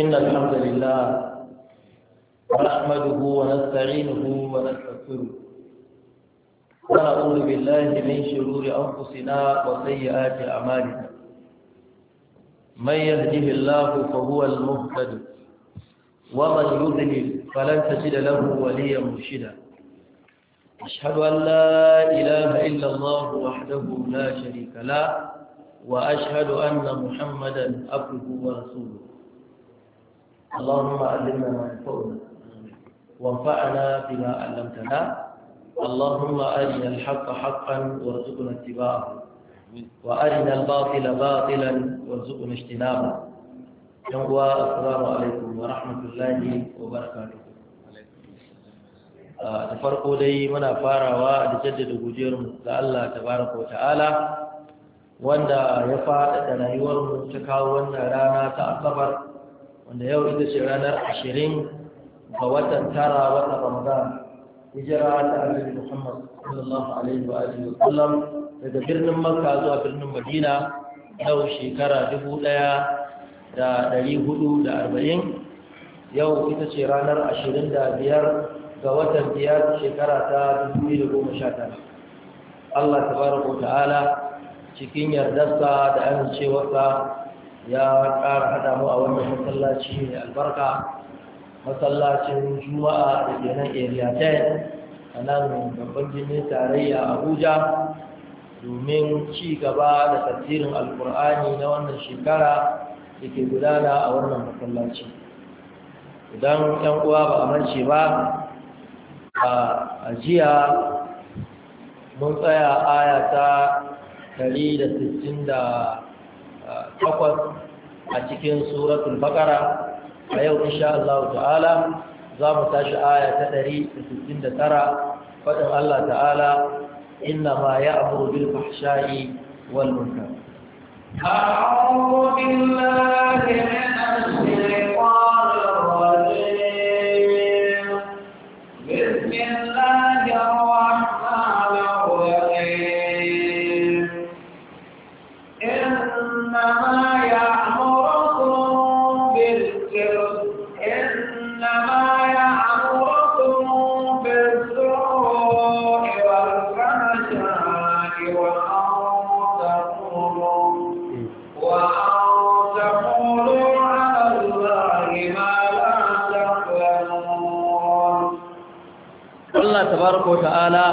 إن الحمد لله نحمده ونستعينه ونستغفره ونعوذ بالله من شرور أنفسنا وسيئات أعمالنا من يهده الله فهو المهتد ومن يضلل فلن تجد له وليا مرشدا أشهد أن لا إله إلا الله وحده لا شريك له وأشهد أن محمدا عبده ورسوله اللهم علمنا ما ينفعنا وانفعنا بما علمتنا اللهم أرنا الحق حقا وارزقنا اتباعه وأرنا الباطل باطلا وارزقنا اجتنابه ينقوى السلام عليكم ورحمة الله وبركاته da farko dai muna farawa da jaddada gujiyarmu ga Allah tabaraka wa ta'ala wanda ya faɗaɗa rayuwarmu ta kawo wannan rana ta asabar wanda yau ita ce ranar ashirin ga watan tara watan ramadan hijira ta annabi muhammad sallallahu alaihi wa alihi wa daga birnin makka zuwa birnin madina yau shekara dubu ɗaya da ɗari hudu da arba'in yau ita ce ranar ashirin da biyar ga watan biyar shekara ta dubu biyu da goma sha tara allah tabaraka ta'ala cikin yardarsa da amincewarsa ya ƙara haɗa mu a wannan masallaci mai albarka masallacin juma'a da ke nan area 10 a nan babban jini tarayya abuja domin ci gaba da tafsirin alkur'ani na wannan shekara da ke gudana a wannan masallaci idan yan uwa ba a mance ba a ajiya mun tsaya aya ta takwas a cikin suratul baqara a yau insha Allah ta'ala za mu tashi aya ta 169 fadin Allah ta'ala inna ma ya'muru bil fahsha'i wal munkar أعوذ بالله من الشيطان tabaraka ta'ala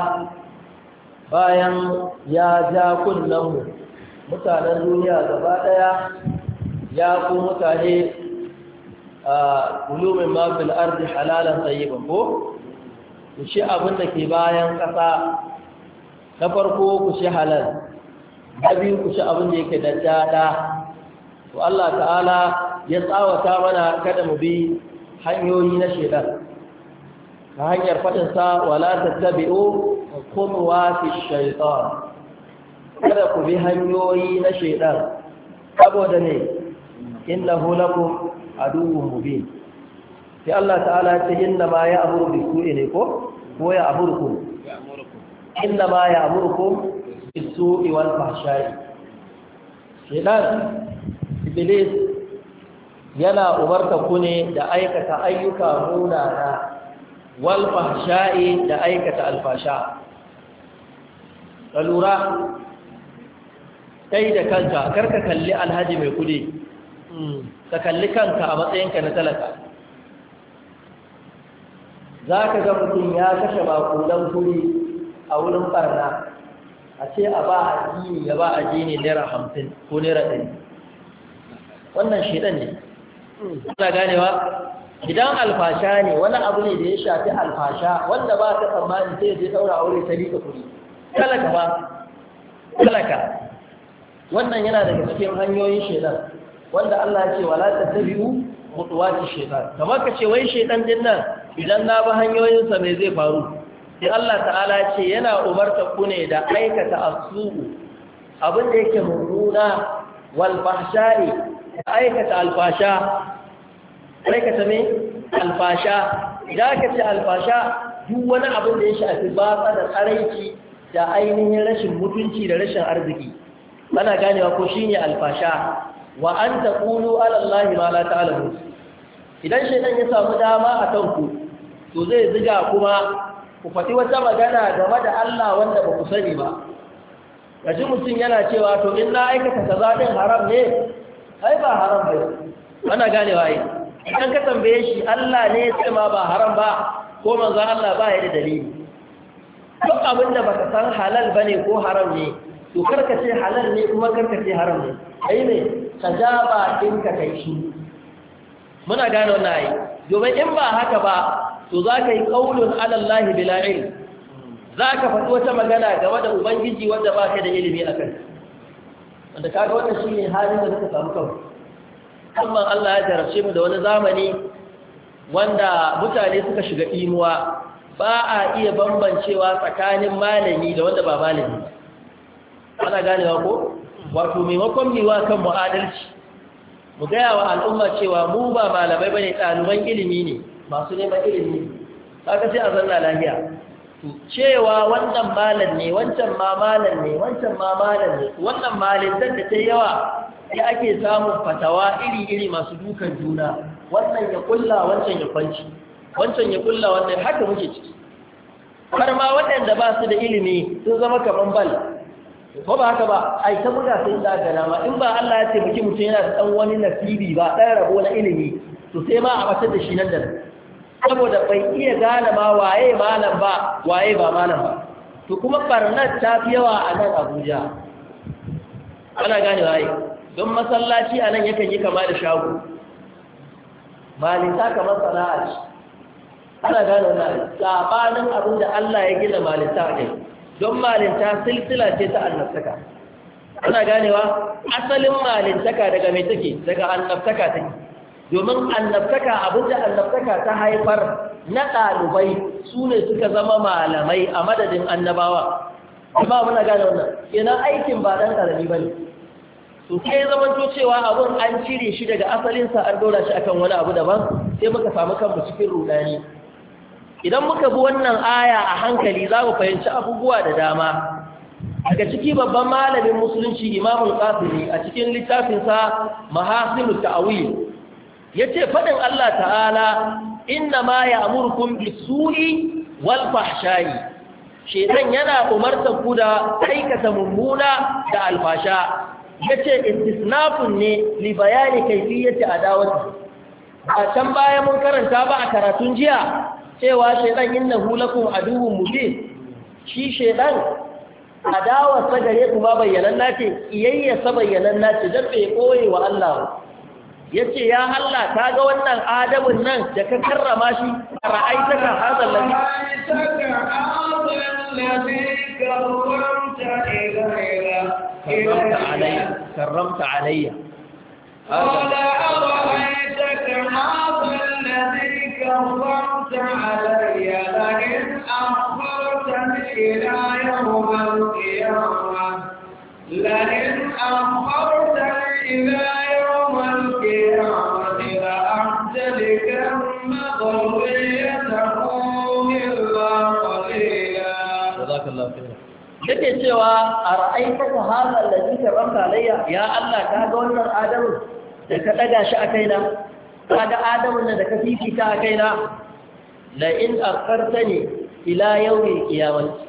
bayan ya ja kullum mutanen duniya gaba daya ya ku mutane a ulumin mafil arzi halalan tsayiban ko ku shi abin da ke bayan ƙasa na farko ku shi halal na biyu ku shi abin da yake da dada to Allah ta'ala ya tsawata mana kada mu bi hanyoyi na shedar ta hanyar faɗinsa wala tattabi'u khulwati shaytan kada ku bi hanyoyi na shaytan saboda ne innahu lakum aduwwun mubin sai Allah ta'ala ce inna ma ya'muru su'i ne ko ko ya aburku inna ma bi su'i wal fahsha'i shaytan iblis yana umarta ku ne da aikata ayyuka munana wal fahsha'i da aikata alfasha. fasha ka lura kai da kanka karka kalli alhaji mai kudi hmm, ka kalli kanka a matsayinka na talaka za ka ga mutum ya kashe bakunan kudi a wurin barna a ce a ba a jini ya ba a jini naira hamsin ko naira ɗari wannan shi ɗan ne ana hmm, ganewa idan alfasha ne wani abu ne da ya shafi alfasha wanda ba ta tsammani sai je daura aure ta rika kuɗi talaka ba talaka wannan yana daga cikin hanyoyin shedan wanda Allah ce wala tattabi'u mutuwati shedan kamar ka ce wai shedan din nan idan na ba hanyoyinsa me zai faru sai Allah ta'ala ce yana umarta ku ne da aikata asubu. abin da yake mummuna wal fahsha'i aikata alfasha aikata ne? alfasha za ka ce alfasha duk wani abin da ya shafi batsa da tsaraici da ainihin rashin mutunci da rashin arziki Bana ganewa ko ne alfasha wa an ta ala alallahi ma la ta'lamu idan shaytan ya samu dama a tanku, to zai ziga kuma ku faɗi wata magana game da Allah wanda ba ku sani ba gaji mutum yana cewa to in na aikata kaza din haram ne ai ba haram ba ana ganewa yi idan ka tambaye shi Allah ne ya ma ba haram ba ko manzon Allah ba ya da dalili duk abin da baka san halal bane ko haram ne to karka ce halal ne kuma karka ce haram ne ai ne ka ja ba din ka kai shi muna gano na yi domin in ba haka ba to za ka yi ƙaunin alallahi ilm za ka faɗi wata magana game da ubangiji wanda ba ka da ilimi a kai. wanda ga wannan shi ne halin da suka samu kawai musamman Allah ya jarabce mu da wani zamani wanda mutane suka shiga inuwa ba a iya bambancewa tsakanin malami da wanda ba malami ana ganewa ko wato maimakon miwa kan mu'adalci mu gaya wa al'umma cewa mu ba malamai bane ɗaliban ilimi ne masu neman ilimi ka sai a zanna lafiya cewa wannan malam ne wancan ma malam ne wancan ma malam ne wannan malin da ta yawa sai ake samun fatawa iri-iri masu dukan juna wannan ya kulla wancan ya kwanci wancan ya kulla wannan haka muke ciki har ma waɗanda ba su da ilimi sun zama kamar bal ko ba haka ba ai ta buga sai da gana ma in ba Allah ya taimaki mutum yana da dan wani nasibi ba dan rabo na ilimi to sai ma a batar da shi nan da nan saboda bai iya gane ma waye malam ba waye ba malam ba to kuma barnar ta fi yawa a nan Abuja ana gane waye don masallaci a nan yakan yi kama da shago malinta kamar sana'a ce ana gane wannan sabanin abin da Allah ya gina malinta a don malinta silsila ce ta annabtaka ana ganewa asalin malintaka daga mai take daga annabtaka take domin annabtaka abin da annabtaka ta haifar na ɗalibai su ne suka zama malamai a madadin annabawa amma muna gane wannan kenan aikin ba ɗan ƙarami ba ne to sai to cewa abun an cire shi daga asalinsa an dora shi akan wani abu daban sai muka samu kanmu cikin rudani idan muka bi wannan aya a hankali za mu fahimci abubuwa da dama daga ciki babban malamin musulunci al qasimi a cikin littafinsa mahasinut ta'wil yace fadin Allah ta'ala inna ma ya'murukum bis-su'i wal fahsha'i shedan yana umartar ku da aikata mummuna da alfasha Ya yace istisnafun ne li bayani kayfiyyati adawati a can baya mun karanta ba a karatun jiya cewa shaytan innahu lakum aduwwun mubin shi shaytan adawa sa gare ku ma bayyanan nace iyayya sa bayyanan nace dan bai koye wa Allah yace ya Allah ka ga wannan adamun nan da ka karrama shi a hadal ladhi ra'aitaka ladhi كرمت علي كرمت علي قال أرأيتك هذا الذي كرمت علي لئن أخرتني إلى يوم القيامة لئن أخرتني إلى يوم القيامة لأحتلكن ضروري yake cewa a ra'aita ka hada lalli karɓar ya Allah ta ga wannan adamu da ka ɗaga shi a kaina ta ga adamun da ka fifita a kaina da in akarta ne ila yau ne kiyamanci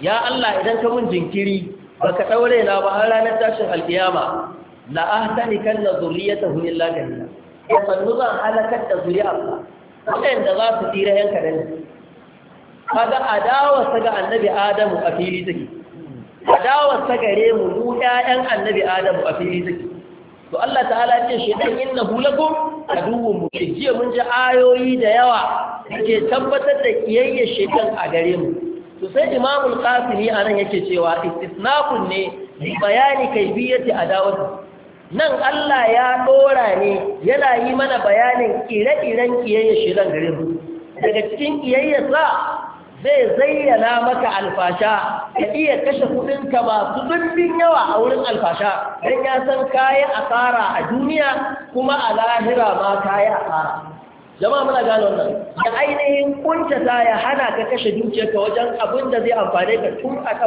ya Allah idan ka mun jinkiri ba ka ɗaure na ba har ranar tashin alkiyama la ahtani kan na zuriyata hun illa ganina ya sannu zan halakar da zuriyar ba waɗanda za su tsira yanka da ni kaga adawarsa ga annabi adamu a fili take adawarsa gare mu mu ƴaƴan annabi adamu a fili take to Allah ta'ala ce shaytan innahu lakum aduwwun mubin jiya mun ji ayoyi da yawa ke tabbatar da kiyayya shaytan a gare mu to sai imamul qasimi anan yake cewa istisnaqun ne bayani kayfiyati adawati nan Allah ya dora ne yana yi mana bayanin ire-iren kiyayya shaytan gare mu daga cikin kiyayyarsa zai zayyana maka alfasha ka iya kashe kudinka masu dubbin yawa a wurin alfasha don ya san kayi asara a duniya kuma a lahira ma kayi asara jama'a muna gane wannan. da ainihin kuntata ya hana ka kashe dukiyarka wajen abin da zai amfane ka tun a ka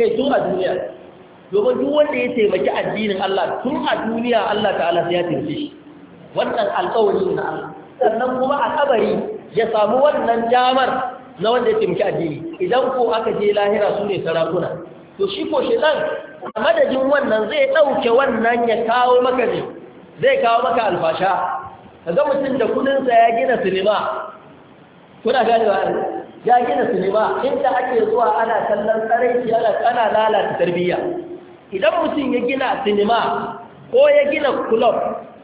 kai tun a duniya domin duk wanda ya taimaki addinin Allah tun a duniya Allah ta'ala sai ya taimake shi wannan alƙawari na Allah sannan kuma a kabari ya samu wannan damar na wanda ya taimaki addini idan ko aka je lahira su ne sarakuna to shi ko a madadin wannan zai ɗauke wannan ya kawo maka ne zai kawo maka alfasha Ka ga mutum da kudinsa ya gina sinima kuna gane ba ya gina sinima inda ake zuwa ana kallon tsaraiki ana lalata tarbiyya idan mutum ya gina sinima ko ya gina kulob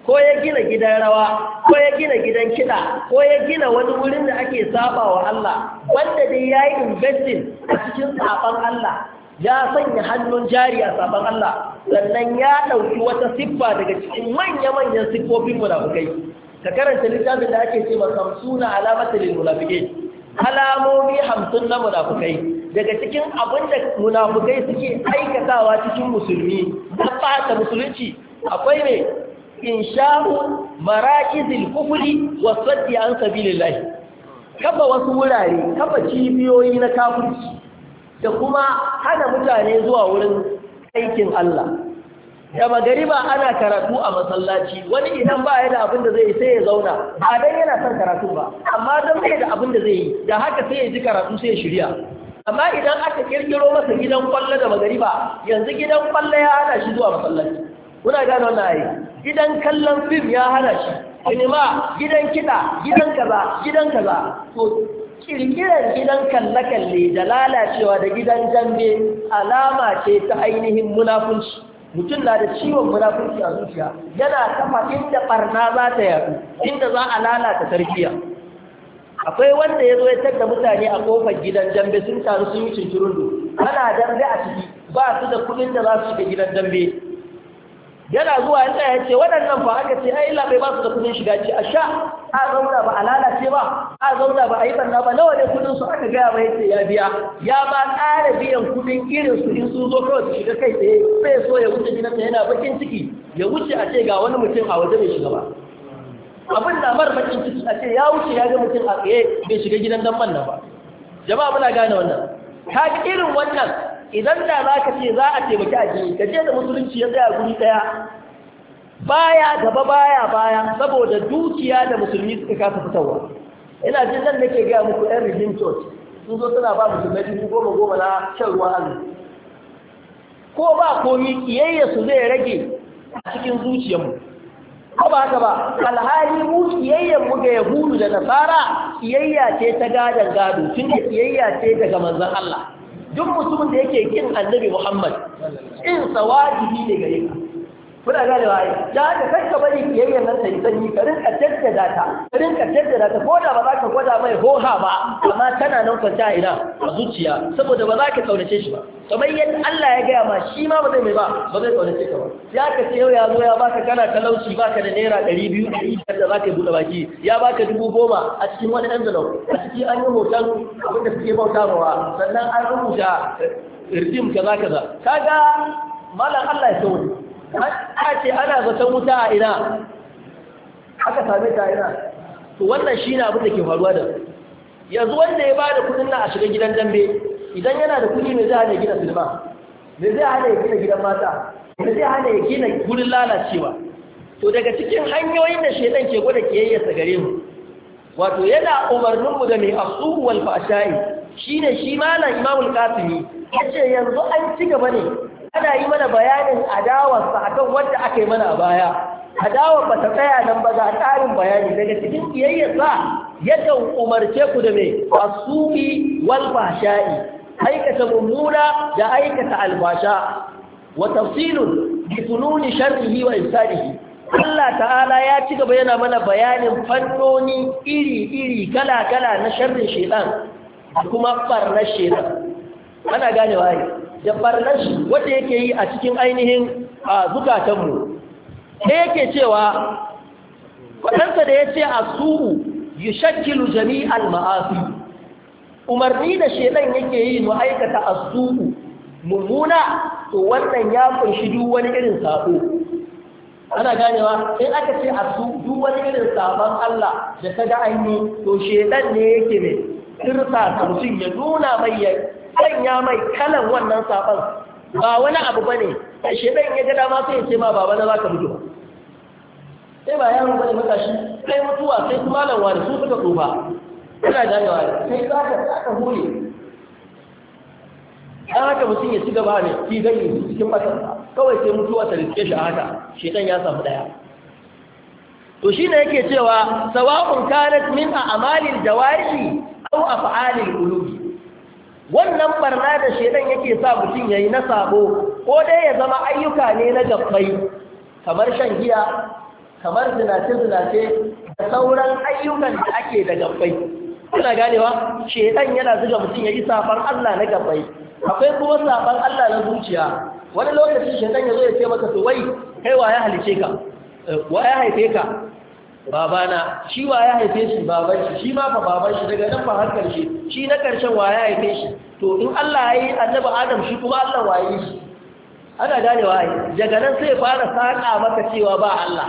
ko ya gina gidan rawa ko ya gina gidan kiɗa ko ya gina wani wurin da ake saba wa Allah wanda dai ya yi investing a cikin saban Allah ya sanya hannun jari a saban Allah sannan ya ɗauki wata siffa daga cikin manya-manyan siffofin munafukai ka karanta littafin da ake ce masa suna lil munafukai alamomi hamsin na munafukai daga cikin abin da munafukai suke aikatawa cikin musulmi na fata musulunci akwai ne insha'u marakizil kufuli wa saddi an sabilillah kafa wasu wurare kafa cibiyoyi na kafirci da kuma hana mutane zuwa wurin aikin Allah da magariba ana karatu a masallaci wani idan ba ya da abin da zai sai ya zauna ba dan yana son karatu ba amma dan bai da abin da zai yi da haka sai ya ji karatu sai ya shirya amma idan aka kirkiro masa gidan kwallo da magariba yanzu gidan kwallo ya hana shi zuwa masallaci kuna gano wannan ayi gidan kallon fim ya hana shi sinima gidan kiɗa gidan kaza gidan kaza to kirkirar gidan kalle-kalle da lalacewa da gidan dambe alama ce ta ainihin munafunci mutum na da ciwon munafunci a zuciya yana kafa inda barna za ta yaru inda za a lalata tarbiya akwai wanda ya zo ya tarda mutane a kofar gidan dambe sun taru sun yi cincirundo ana dambe a ciki ba su da kuɗin da za su shiga gidan dambe yana zuwa ya ce waɗannan ba aka ce ai labai ba su da kudin shiga ce a sha a zauna ba a lalace ba a zauna ba a yi banna ba nawa ne kudin su aka gaya ba yace ya biya ya ba ƙara biyan kudin irin su in sun zo kawai su shiga kai tsaye sai so ya wuce gidansa yana bakin ciki ya wuce a ce ga wani mutum a waje bai shiga ba abin da mar bakin ciki a ce ya wuce ya ga mutum a tsaye bai shiga gidan dan nan ba jama'a muna gane wannan ka irin wannan idan da za ka ce za a taimaki addini ka ce da musulunci ya tsaya guri ɗaya baya gaba baya baya saboda dukiya da musulmi suka kasa fitowa ina jin nan nake gaya muku yan rigin church sun zo suna ba musulmai dubu goma goma na shan ruwa ko ba komi kiyayya su zai rage a cikin zuciyarmu ko ba haka ba alhali mu kiyayyar mu ga yahudu da nasara kiyayya ce ta gadon gado tun da kiyayya ce daga manzon Allah duk mutumin da yake kin annabi Muhammad in sawajibi ne gare ka kuna wa yi Ya haka kai ka bari kiyayyar nan sai sanyi ka rinka jaddada ta ka rinka jaddada ta ko da ba za ka gwada mai hoha ba amma tana nan kwanta a ina a zuciya saboda ba za ka kaunace shi ba kamar yadda Allah ya gaya ma shi ma ba zai mai ba ba zai kaunace ka ba ya ka ce yau ya zo ya baka kana talauci baka da naira ɗari biyu ɗari biyar da za ka buɗe baki ya baka dubu goma a cikin wani envelope a ciki an yi hoton abin da suke bauta mawa sannan an rubuta irdim kaza kaza kaga malam Allah ya sauri a ce ana zaton wuta a ina aka same ta ina to wannan shi ne abin da ke faruwa da yanzu wanda ya bada kudin na a shiga gidan dambe idan yana da kudi ne zai hana gina silma ne zai hana ya gina gidan mata ne zai hana ya gina gurin lalacewa to daga cikin hanyoyin da shaidan ke gwada kiyayyarsa gare mu wato yana umarninmu da mai asu wal fashai shine shi malam imamul qasimi yace yanzu an ci gaba ne ana yi mana bayanin adawarsa kan wanda aka yi mana a baya adawar ba ta tsaya nan ba ga tsarin bayani daga cikin kiyayyarsa yakan umarce ku da mai asubi wal fahsha'i aikata mummuna da aikata albasha wa tafsilun bi fununi sharrihi wa ifsadihi Allah ta'ala ya ci gaba yana mana bayanin fannoni iri-iri kala-kala na sharrin shedan da kuma barnar shedan ana ganewa ne da barnashi wanda yake yi a cikin ainihin zukatanmu da yake cewa kwadansa da ya ce a su'u yi shakkilu jami'al ma'afi umarni da shedan yake yi mu aikata a su'u mummuna to wannan ya kunshi duk wani irin sako ana ganewa in aka ce a su duk wani irin sabon Allah da ta ga ainihin to shedan ne yake ne ta mutum ya nuna mai sanya mai kalan wannan saban ba wani abu ba ne. a shedan ya gada dama sai ya ce ma wani za ka mutu ba sai ba yaro maka shi. sai mutuwa sai kuma Malam wani su suka tsufa ina ne sai za ka saka hure dan haka mutum ya ci gaba ne ki gani cikin masarsa kawai sai mutuwa ta riske shi a haka ya samu ɗaya. to yake cewa sawa'un kanat min a a'malil au a fa'alin ulubi wannan barna da shedan yake sa mutum yayi na sabo ko dai ya zama ayyuka ne na gabbai kamar shan giya kamar zinace zinace da sauran ayyukan da ake da gabbai kuna ganewa shedan yana zuga mutum yayi safar Allah na gabbai akwai kuma safar Allah na zuciya wani lokacin shedan ya zo ya ce maka to wai kai wa halice eh, haife ka babana shi wa ya haife shi baban shi shi ma fa baban shi daga nan fa har karshe shi na karshen wa ya haife shi to in Allah ya yi annabi Adam shi kuma Allah wa yi shi ana wa yi daga nan sai fara saka maka cewa ba Allah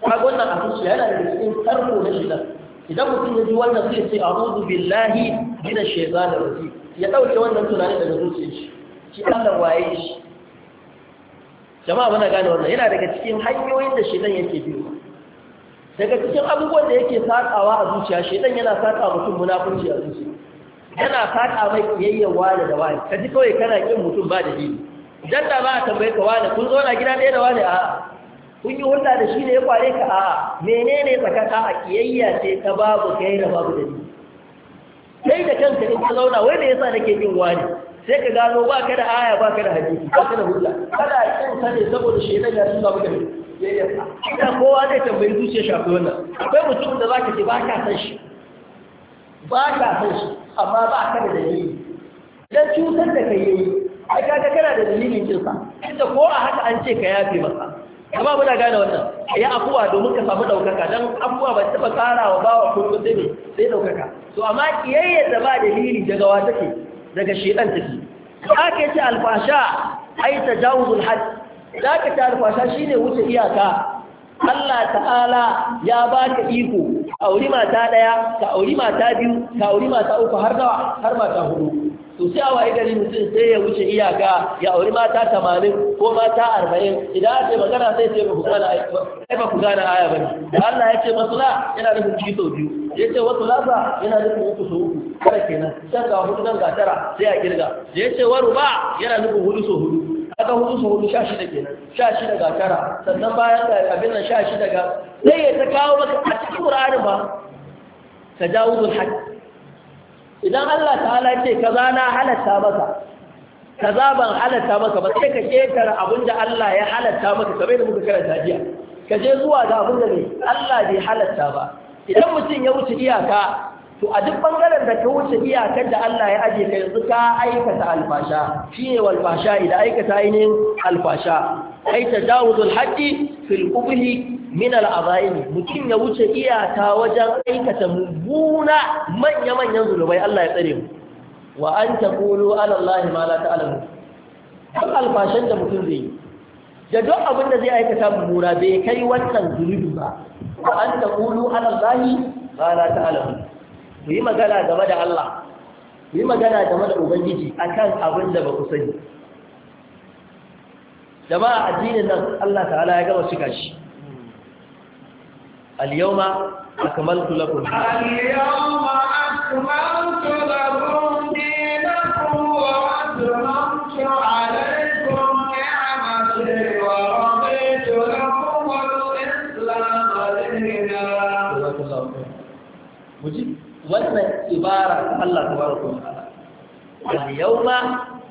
ka a abin yana da cikin tarko na shi idan mutum ya ji wannan sai sai a'udhu billahi minash shaitanir rajim ya dauke wannan tunani daga zuciyar shi shi Allah waye shi jama'a muna gane wannan yana daga cikin hanyoyin da shi shaitan yake biyo daga cikin abubuwan da yake sakawa a zuciya shedan yana saka mutum munafurci a zuciya yana saka mai kiyayyar wani da wani kaji kawai kana kin mutum ba da dini idan da ba a tambaye ka wani kun zo na gida ɗaya da wani a kun yi hulɗa da shi ne ya kware ka a menene tsakaka a kiyayya ce ta babu kai da babu da dini sai da kanka in ka zauna wai me yasa nake kin wani sai ka gano ba ka da aya ba ka da hadisi ba ka da hulɗa kada kin sane saboda shedan ya tuka maka yayyarsa ita kowa zai tambayi zuciya shafi wannan akwai mutum da zaka ce ba ka san shi ba ka san shi amma ba ka da dalili dan cutar da kai yayi ai kaga kana da dalilin kinsa inda ko a haka an ce ka yafe masa amma muna gane wannan ya afuwa domin ka samu daukaka dan afuwa ba taba tsara wa bawa kullum sai ne sai daukaka to amma kiyayyar da ba dalili daga wa take daga shedan take haka yace alfasha ai tajawuzul hadd dakata alfasha shine wuce iyaka Allah ta'ala ya ka iko auri mata daya ka auri mata biyu ka auri mata uku har nawa har mata hudu to sai a waye gari mutum sai ya wuce iyaka ya auri mata 80 ko mata 40 idan aka magana sai sai ba ku gane ai ba ku gane aya bane Allah ya ce masula yana nufin ji sau biyu ya ce wasu lasa yana nufin uku sau uku kada kenan sai ga hudu nan ga tara sai a kirga ya ce waru ba yana nufin hudu sau hudu kaga hudu su hudu sha shida kenan sha shida ga tara sannan bayan da abin nan sha shida ga sai ya ta kawo maka a cikin qur'ani ba tajawuzul hajj idan Allah ta'ala ce za na halatta maka ka kaza ban halatta maka ba sai ka ƙetare abin da Allah ya halatta maka kamar da muka karanta jiya ka je zuwa ga abin da ne Allah bai halatta ba idan mutum ya wuce iyaka to a duk bangaren da ka wuce iyakar da Allah ya aje ka yanzu ka aikata alfasha shi ne walfasha idan aikata ainihin alfasha ai tajawuzul haddi fil qubhi min al'azaim mutum ya wuce iyaka wajen aikata mubuna manya-manyan zulubai Allah ya tsare mu wa an taqulu ala Allah ma la ta'lamu duk alfashan da mutum zai yi da duk abin da zai aikata mubuna bai kai wannan zulubi ba wa an taqulu ala Allah ma la ta'lamu ku yi magana game da Allah ku yi magana game da Ubangiji akan abin da ba ku sani jama'a addinin nan Allah ta'ala ya gama cika shi Al akmaltu lakum al-yawma akmaltu lakum dinakum wannan ibara Allah tabaraka wa ta'ala al yawma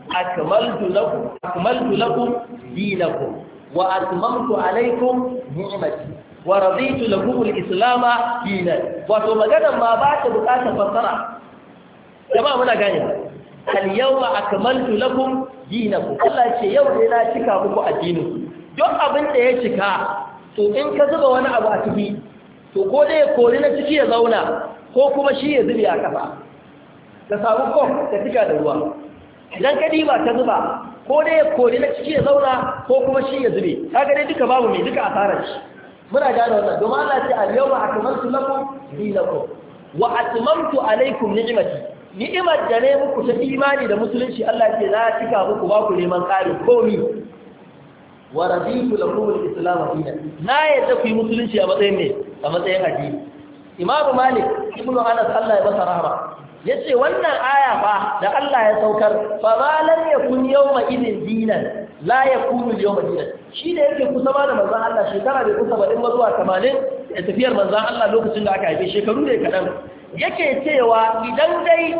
akmaltu lakum akmaltu lakum dinakum wa atmamtu alaykum ni'mati wa raditu lakum al islam dinan wato maganar ma ba ta bukatar fassara jama'a muna gane al yawma akmaltu lakum dinakum Allah ce yau ne na cika muku addinin duk abin da ya cika to in ka zuba wani abu a ciki to ko dai ya kori na ciki ya zauna ko kuma shi ya zube a ƙasa. ka samu kof da tika da ruwa idan ka ɗiba ta zuba ko dai ya kori na ciki ya zauna ko kuma shi ya zube ta dai duka babu mai duka asarar shi muna gane wannan domin Allah ce al yawma akmaltu lakum dinakum wa atmamtu alaykum ni'mati ni'imar da ne muku ta imani da musulunci Allah ce na cika muku ba ku neman ƙari komi wa raditu lakum al-islam dinan na yadda ku yi musulunci a matsayin ne a matsayin addini imamu malik ibn anas Allah ya masa Ya yace wannan aya fa da Allah ya saukar fa ya lam yakun yawma idin dinan la yakunu yawma dinan shi da yake kusa ba da manzon Allah shekara bai kusa ba din zuwa 80 da tafiyar manzon Allah lokacin da aka haife shekaru ne kadan yake cewa idan dai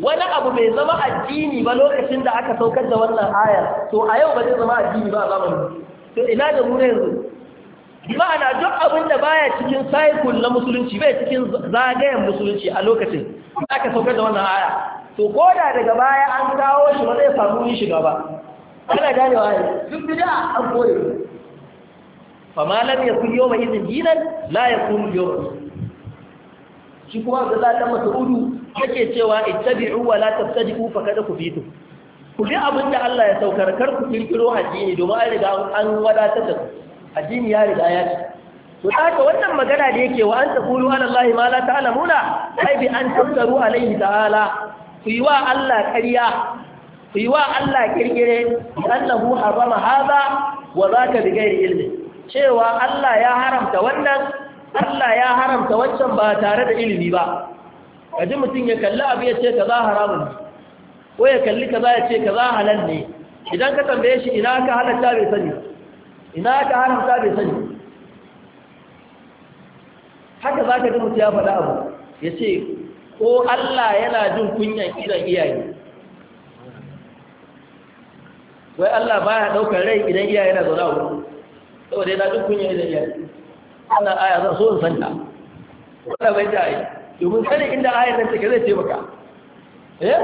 wani abu bai zama addini ba lokacin da aka saukar da wannan aya to a yau ba zai zama addini ba a zamanin to ina da mu yanzu ma'ana duk abin da baya cikin cycle na musulunci bai cikin zagayen musulunci a lokacin aka saukar da wannan aya to ko da daga baya an kawo shi ba zai samu yin shiga ba kana wa ne duk bid'a an Fa malam ya lam yau yawma idin dinan la yakun yau shi kuma da za ta masa udu yake cewa ittabi'u wa la tabtadi'u fa kada ku bi abin da Allah ya saukar kar ku kirkiro addini domin an riga an wadatar da ku addini ya riga ya ce to haka wannan magana da yake wa an taqulu ala allahi ma la ta'lamuna ai bi an taftaru alaihi ta'ala ku yi wa Allah ƙarya ku yi wa Allah kirkire annahu harama hada. wa zaka bi ghairi ilmi cewa Allah ya haramta wannan Allah ya haramta wancan ba tare da ilimi ba kaji mutum ya kalli abu ya ce kaza haramun ne ko ya kalli kaza ya ce kaza halal ne idan ka tambaye shi ina ka halatta bai sani ina aka haramta bai sani haka za ka ji mutu ya faɗa abu ya ce ko Allah yana jin kunyan idan iyaye wai Allah baya ɗaukar rai idan iyaye na zaune abu wuri saboda yana jin kunyan idan iyaye wannan aya zan so in san ta wanda bai ta yi domin sani inda ayar nan take zai ce maka eh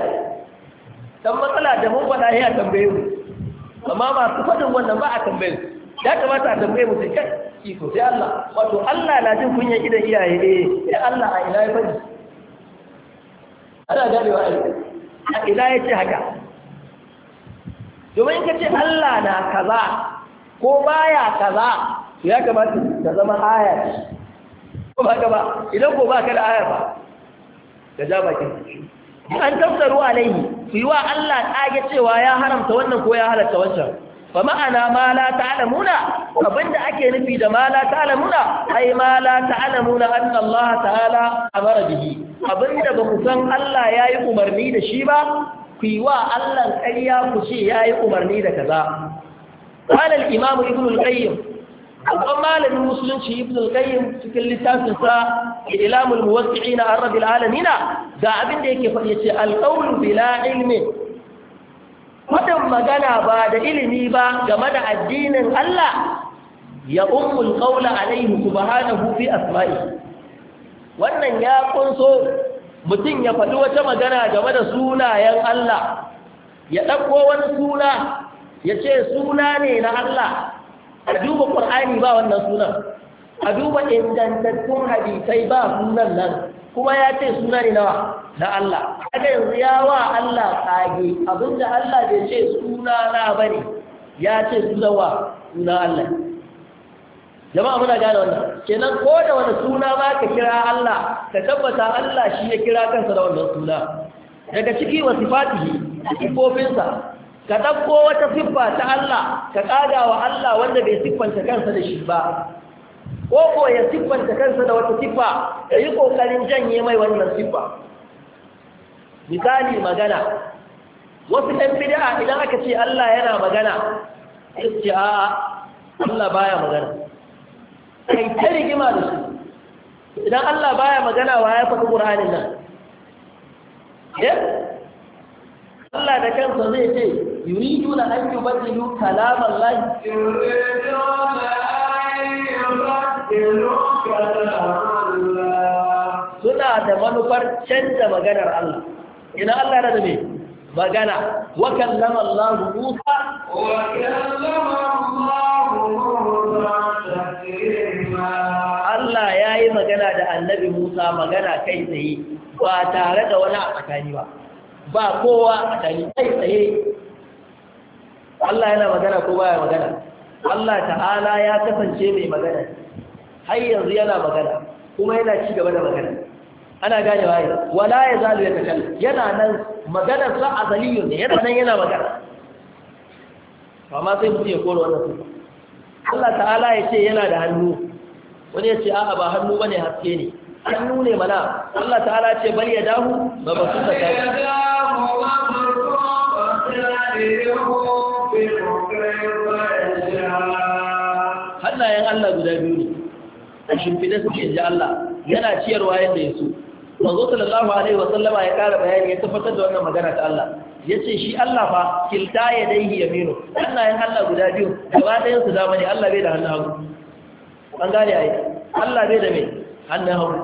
dan matsala da mun faɗa ya tambaye mu amma masu faɗin wannan ba a tambaye su ya kamata a tambaye mu sai kai iko sai Allah wato Allah na jin kunya gidan iyaye ne eh, sai Allah a ina ya faɗi ana ganewa a a ina ya ce haka domin ka ce Allah na kaza ko baya kaza ya kamata ta zama aya ko ba ka ba idan ko ba ka da aya ba ka ja bakin an tafsaru alaihi su yi wa Allah ƙage cewa ya haramta wannan ko ya halatta wancan Ba ma'ana ma la ta'lamuna abinda ake nufi da ma la ta'lamuna ai ma la ta'lamuna anna Allah ta'ala amara bihi abinda ba ku san Allah yayi umarni da shi ba Kuyi wa Allah kariya ku ce yayi umarni da kaza qala imam ibn al qayyim malamin musulunci ibn al qayyim cikin littafin sa ilamul muwaqqi'ina arab al alamina da abinda yake fadi ce al qawlu bila ilmin faɗin magana ba da ilimi ba game da addinin Allah ya ummul qawla alaihi subhanahu fi asma'i wannan ya kunso mutum ya faɗi wata magana game da sunayen Allah ya ɗauko wani suna ya ce suna ne na Allah a duba ƙur'ani ba wannan sunan a duba ingantattun hadisai ba sunan nan kuma ya ce suna ne nawa na Allah kaga yanzu ya wa Allah kage abinda Allah bai ce suna na bane ya ce suna wa suna Allah jama'a muna gane wannan kenan ko da wani suna ba ka kira Allah ka tabbata Allah shi ya kira kansa da wannan suna daga ciki wasu fatihi sifofinsa ka ɗauko wata siffa ta Allah ka ƙada wa Allah wanda bai siffanta kansa da shi ba ko ko ya siffanta kansa da wata siffa ka yi ƙoƙarin janye mai wannan siffa misali magana wasu ɗan bid'a idan aka ce Allah yana magana sai ce a'a Allah baya magana kai ta rigima da su idan Allah baya magana wa ya faɗi Qur'anin nan eh Allah da kansa zai ce yuriduna an yubaddilu kalam Allah yuriduna an suna da manufar canza maganar Allah ina Allah da me magana wa kallama Allah Musa wa kallama Allah Musa Allah yayi magana da Annabi Musa magana kai tsaye ba tare da wani a ba ba kowa a kai tsaye Allah yana magana ko baya magana Allah ta'ala ya kasance mai magana har yanzu yana magana kuma yana ci gaba da magana ana gane waye wala ya zalu ya takalla yana nan maganar sa azaliyo ne yana nan yana magana amma sai mutum ya kora wannan sifa Allah ta'ala ya ce yana da hannu wani ya ce a'a ba hannu bane haske ne hannu ne mana Allah ta'ala ce bal ya dahu ba ba su saka hannayen Allah guda biyu ne a shimfide suke ji Allah yana ciyarwa yadda ya so manzo sallallahu alaihi wa sallama ya kara bayani ya tabbatar da wannan magana ta Allah yace shi Allah fa kilta ya dai yaminu Allah ya Allah guda biyu gaba ɗayan su dama ne Allah bai da hannu hagu an gane ai Allah bai da me hannu hagu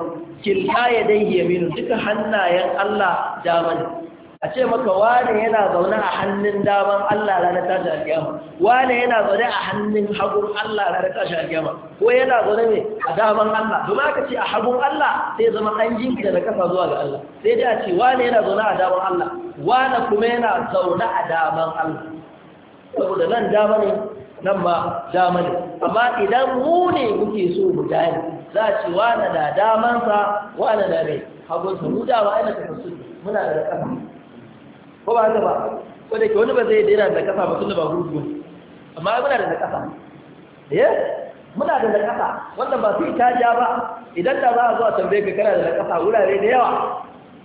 kilta ya dai yaminu duka hannayen Allah dama ne a ce maka wane yana zaune a hannun daman Allah ranar tashi alkiyama wane yana zaune a hannun hagun Allah ranar tashi alkiyama ko yana zaune ne a daman Allah domin aka ce a hagun Allah sai zama an jinka da kasa zuwa ga Allah sai dai a ce wane yana zaune a daman Allah wane kuma yana zaune a daman Allah saboda nan dama ne nan ba dama ne amma idan mu ne muke so mu gane za a ce wane na damansa wane na mai hagunsa mu dama aina ka muna da kasa ko ba haka ba ko da ke wani ba zai daina da kasa ba da ba gurgu amma muna da kasa eh muna da kasa wanda ba sai ta ja ba idan da za a zo a tambaye ka kana da kasa wurare da yawa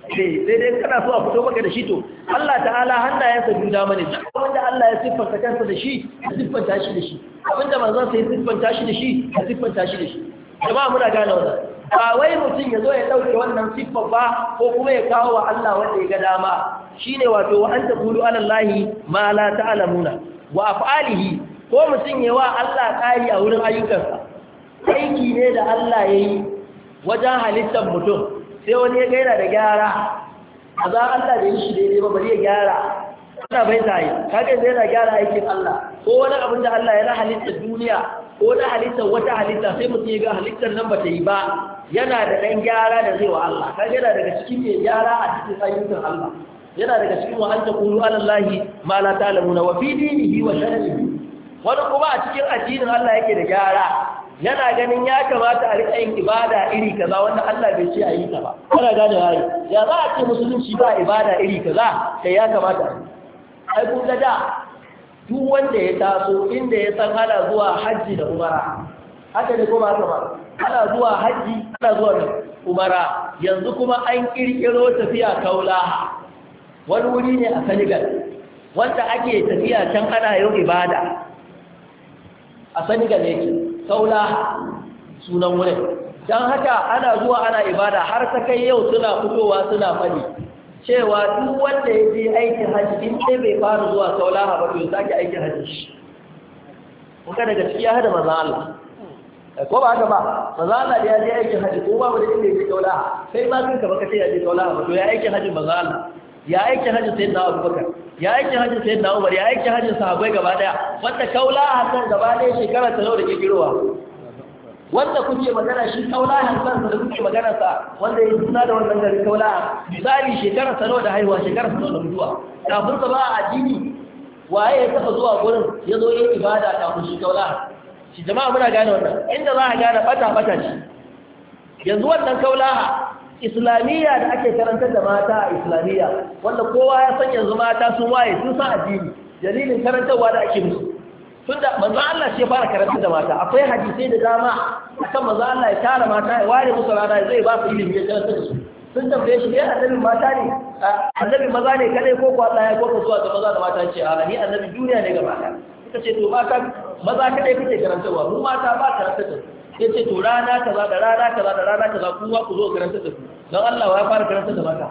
eh, sai dai kana so a fito maka da shi to Allah ta'ala hannayensa duda mane duk wanda Allah ya siffanta kansa da shi ya siffanta shi da shi abinda manzon sai siffanta shi da shi ya siffanta shi da shi jama'a muna gane wannan ba wai mutum ya zo ya ɗauke wannan siffar ba ko kuma ya kawo wa Allah wanda ya ga dama Shi ne wato wa an taqulu ala Allahi ma la ta'lamuna wa af'alihi ko mutum ya wa Allah tsari a wurin ayyukansa aiki ne da Allah ya yi wajen halittar mutum sai wani ya gaira da gyara a za Allah da yi shi daidai ba bari ya gyara ana bai Ka kaga zai na gyara aikin Allah ko wani abin da Allah ya na halittar duniya ko na halittar wata halitta sai mutum ya ga halittar nan ba ta yi ba yana da ɗan gyara da zai wa Allah kan yana daga cikin mai gyara a cikin ayyukan Allah yana daga cikin wa an taqulu Allahi ma la ta'lamuna wa fi dinihi wa wani kuma a cikin addinin Allah yake da gyara yana ganin ya kamata a riƙa yin ibada iri kaza wanda Allah bai ce a yi ta ba kana gane yayi ya za a ce musulunci ba ibada iri kaza sai ya kamata ai kun ga da duk wanda ya taso inda ya san hana zuwa hajji da umara haka ne kuma haka ba ana zuwa haji ana zuwa umara yanzu kuma an kirkiro tafiya kaulaha wani wuri ne a senegal wanda ake tafiya can ana yau ibada a senegal yake kaulaha sunan wurin don haka ana zuwa ana ibada har ta kai yau suna fitowa suna fadi cewa duk wanda ya je aikin hajji in dai bai fara zuwa kaulaha ba to sake aikin shi. kuka daga ciki ya hada maza Allah Eh, ko ba haka ba ba maza na da ya aikin haji ko babu da inda ya je kaula sai ma sun baka ce ya je kaula ba to ya aikin haji maza na. ya aikin haji sai da Abubakar ya aikin haji sai na Umar ya aikin haji sahabbai gaba daya wanda kaula a kan gaba daya shekara ta nau da ke girowa wanda kuke magana shi kaula a kan da kuke magana sa wanda ya suna da wannan gari kaula misali shekara ta da haihuwa shekara ta nawa da mutuwa kafin ba a addini waye ya taba zuwa gurin ya zo yin ibada kafin shi kaula shi jama'a muna gane wannan inda za a gane bata bata shi yanzu wannan kaulaha islamiyya da ake karantar da mata a islamiyya wanda kowa ya san yanzu mata sun waye sun sa addini dalilin karantarwa da ake musu tunda manzo Allah shi fara karantar da mata akwai hadisi da dama akan manzo Allah ya tara mata ya ware musu rana zai ba su ilimi ya karantar da su sun tambaye shi ne eh, annabi mata ne annabi maza ne kadai ko ko Allah ya ko zuwa ga maza da mata ce a ni annabi duniya ne ga mata ita ce to mata maza kaɗai kake karantarwa mu mata ba karantar da su ce to rana kaza da rana kaza da rana kaza kuma ku zo karantar da su don Allah ya fara karantar da mata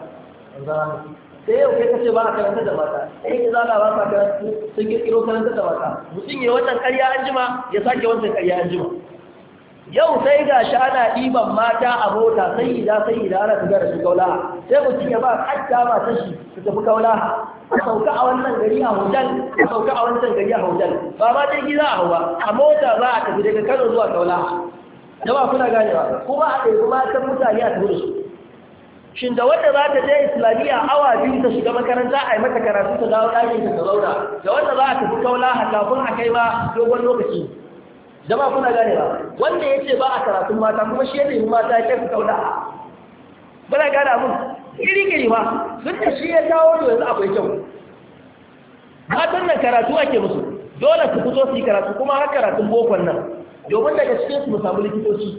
sai yau kai kace ba a karantar da mata sai za a ba ka karanta sun kirkiro karantar da mata mutum ya wannan ƙarya an jima ya sake wannan ƙarya an jima yau sai ga shi ana ɗiban mata a mota sai yi sai ida ana tafiya da su kaula sai mutum ya ba hatta mata shi su tafi kaula a sauka a wannan gari a hotel a sauka a wannan gari a hotel ba ma jirgi za a hau ba a mota za a tafi daga kano zuwa kaula jama'a kuna ganewa kuma a ɗaya kuma kan mutane a tafi da su shin da wanda za ta je islamiyya awa biyu ta shiga makaranta a yi mata karatu ta dawo ɗakin ta zauna da wanda za a tafi kaula kafin a kai ma dogon lokaci jama'a kuna gane ba wanda ya ce ba a karatun mata kuma shi ya nemi mata ya kai su kauda bana gane abin iri-iri ba sun da shi ya kawo da yanzu akwai kyau matan nan karatu ake musu dole su fito su yi karatu kuma har karatun bokon nan domin daga cikin su mu samu likitoci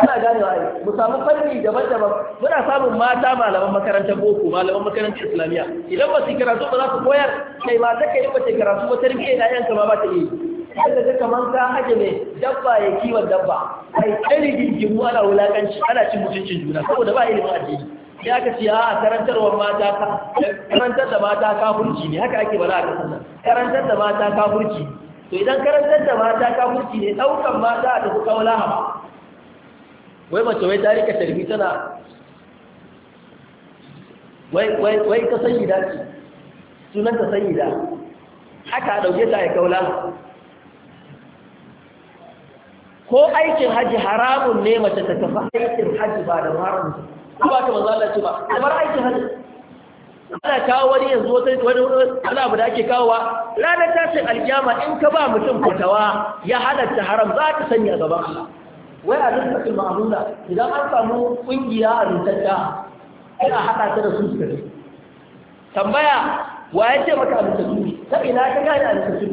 ana ganewa ai mu samu fanni daban-daban muna samun mata malaman makarantar boko malaman makarantar islamiyya idan ba su karatu ba za su koyar kai ma ta kai ba ta karatu ba ta rike na yanka ma ba ta yi yadda ta kamar ka haje mai dabba ya kiwon dabba ai tsari gingimu ana wulakanci ana cin mutuncin juna saboda ba ilimin addini ya aka ce a karantarwar mata ka. karantar da mata kafurci ne haka ake bala a kasar nan karantar da mata kafurci to idan karantar da mata kafurci ne daukan mata da kuka wala lahama wai mace wai tarika tarbi tana wai ka sanyi da ce sunan ta sanyi da haka a ɗauke ta ya kawo lahama ko aikin haji haramun ne mace ta tafi aikin haji ba da haramun ko ba ta manzo Allah ce ba kamar aikin haji ana kawo wani yanzu wani wani abu da ake kawowa ranar tashin alkiyama in ka ba mutum fatawa ya halatta haram za ta sanya gaban Allah wai a rinka cin ma'amula idan an samu kungiya a rintarta ina haɗa ta da su su kare tambaya wa ya ce maka a rintattu ta ina ka gani a rintattu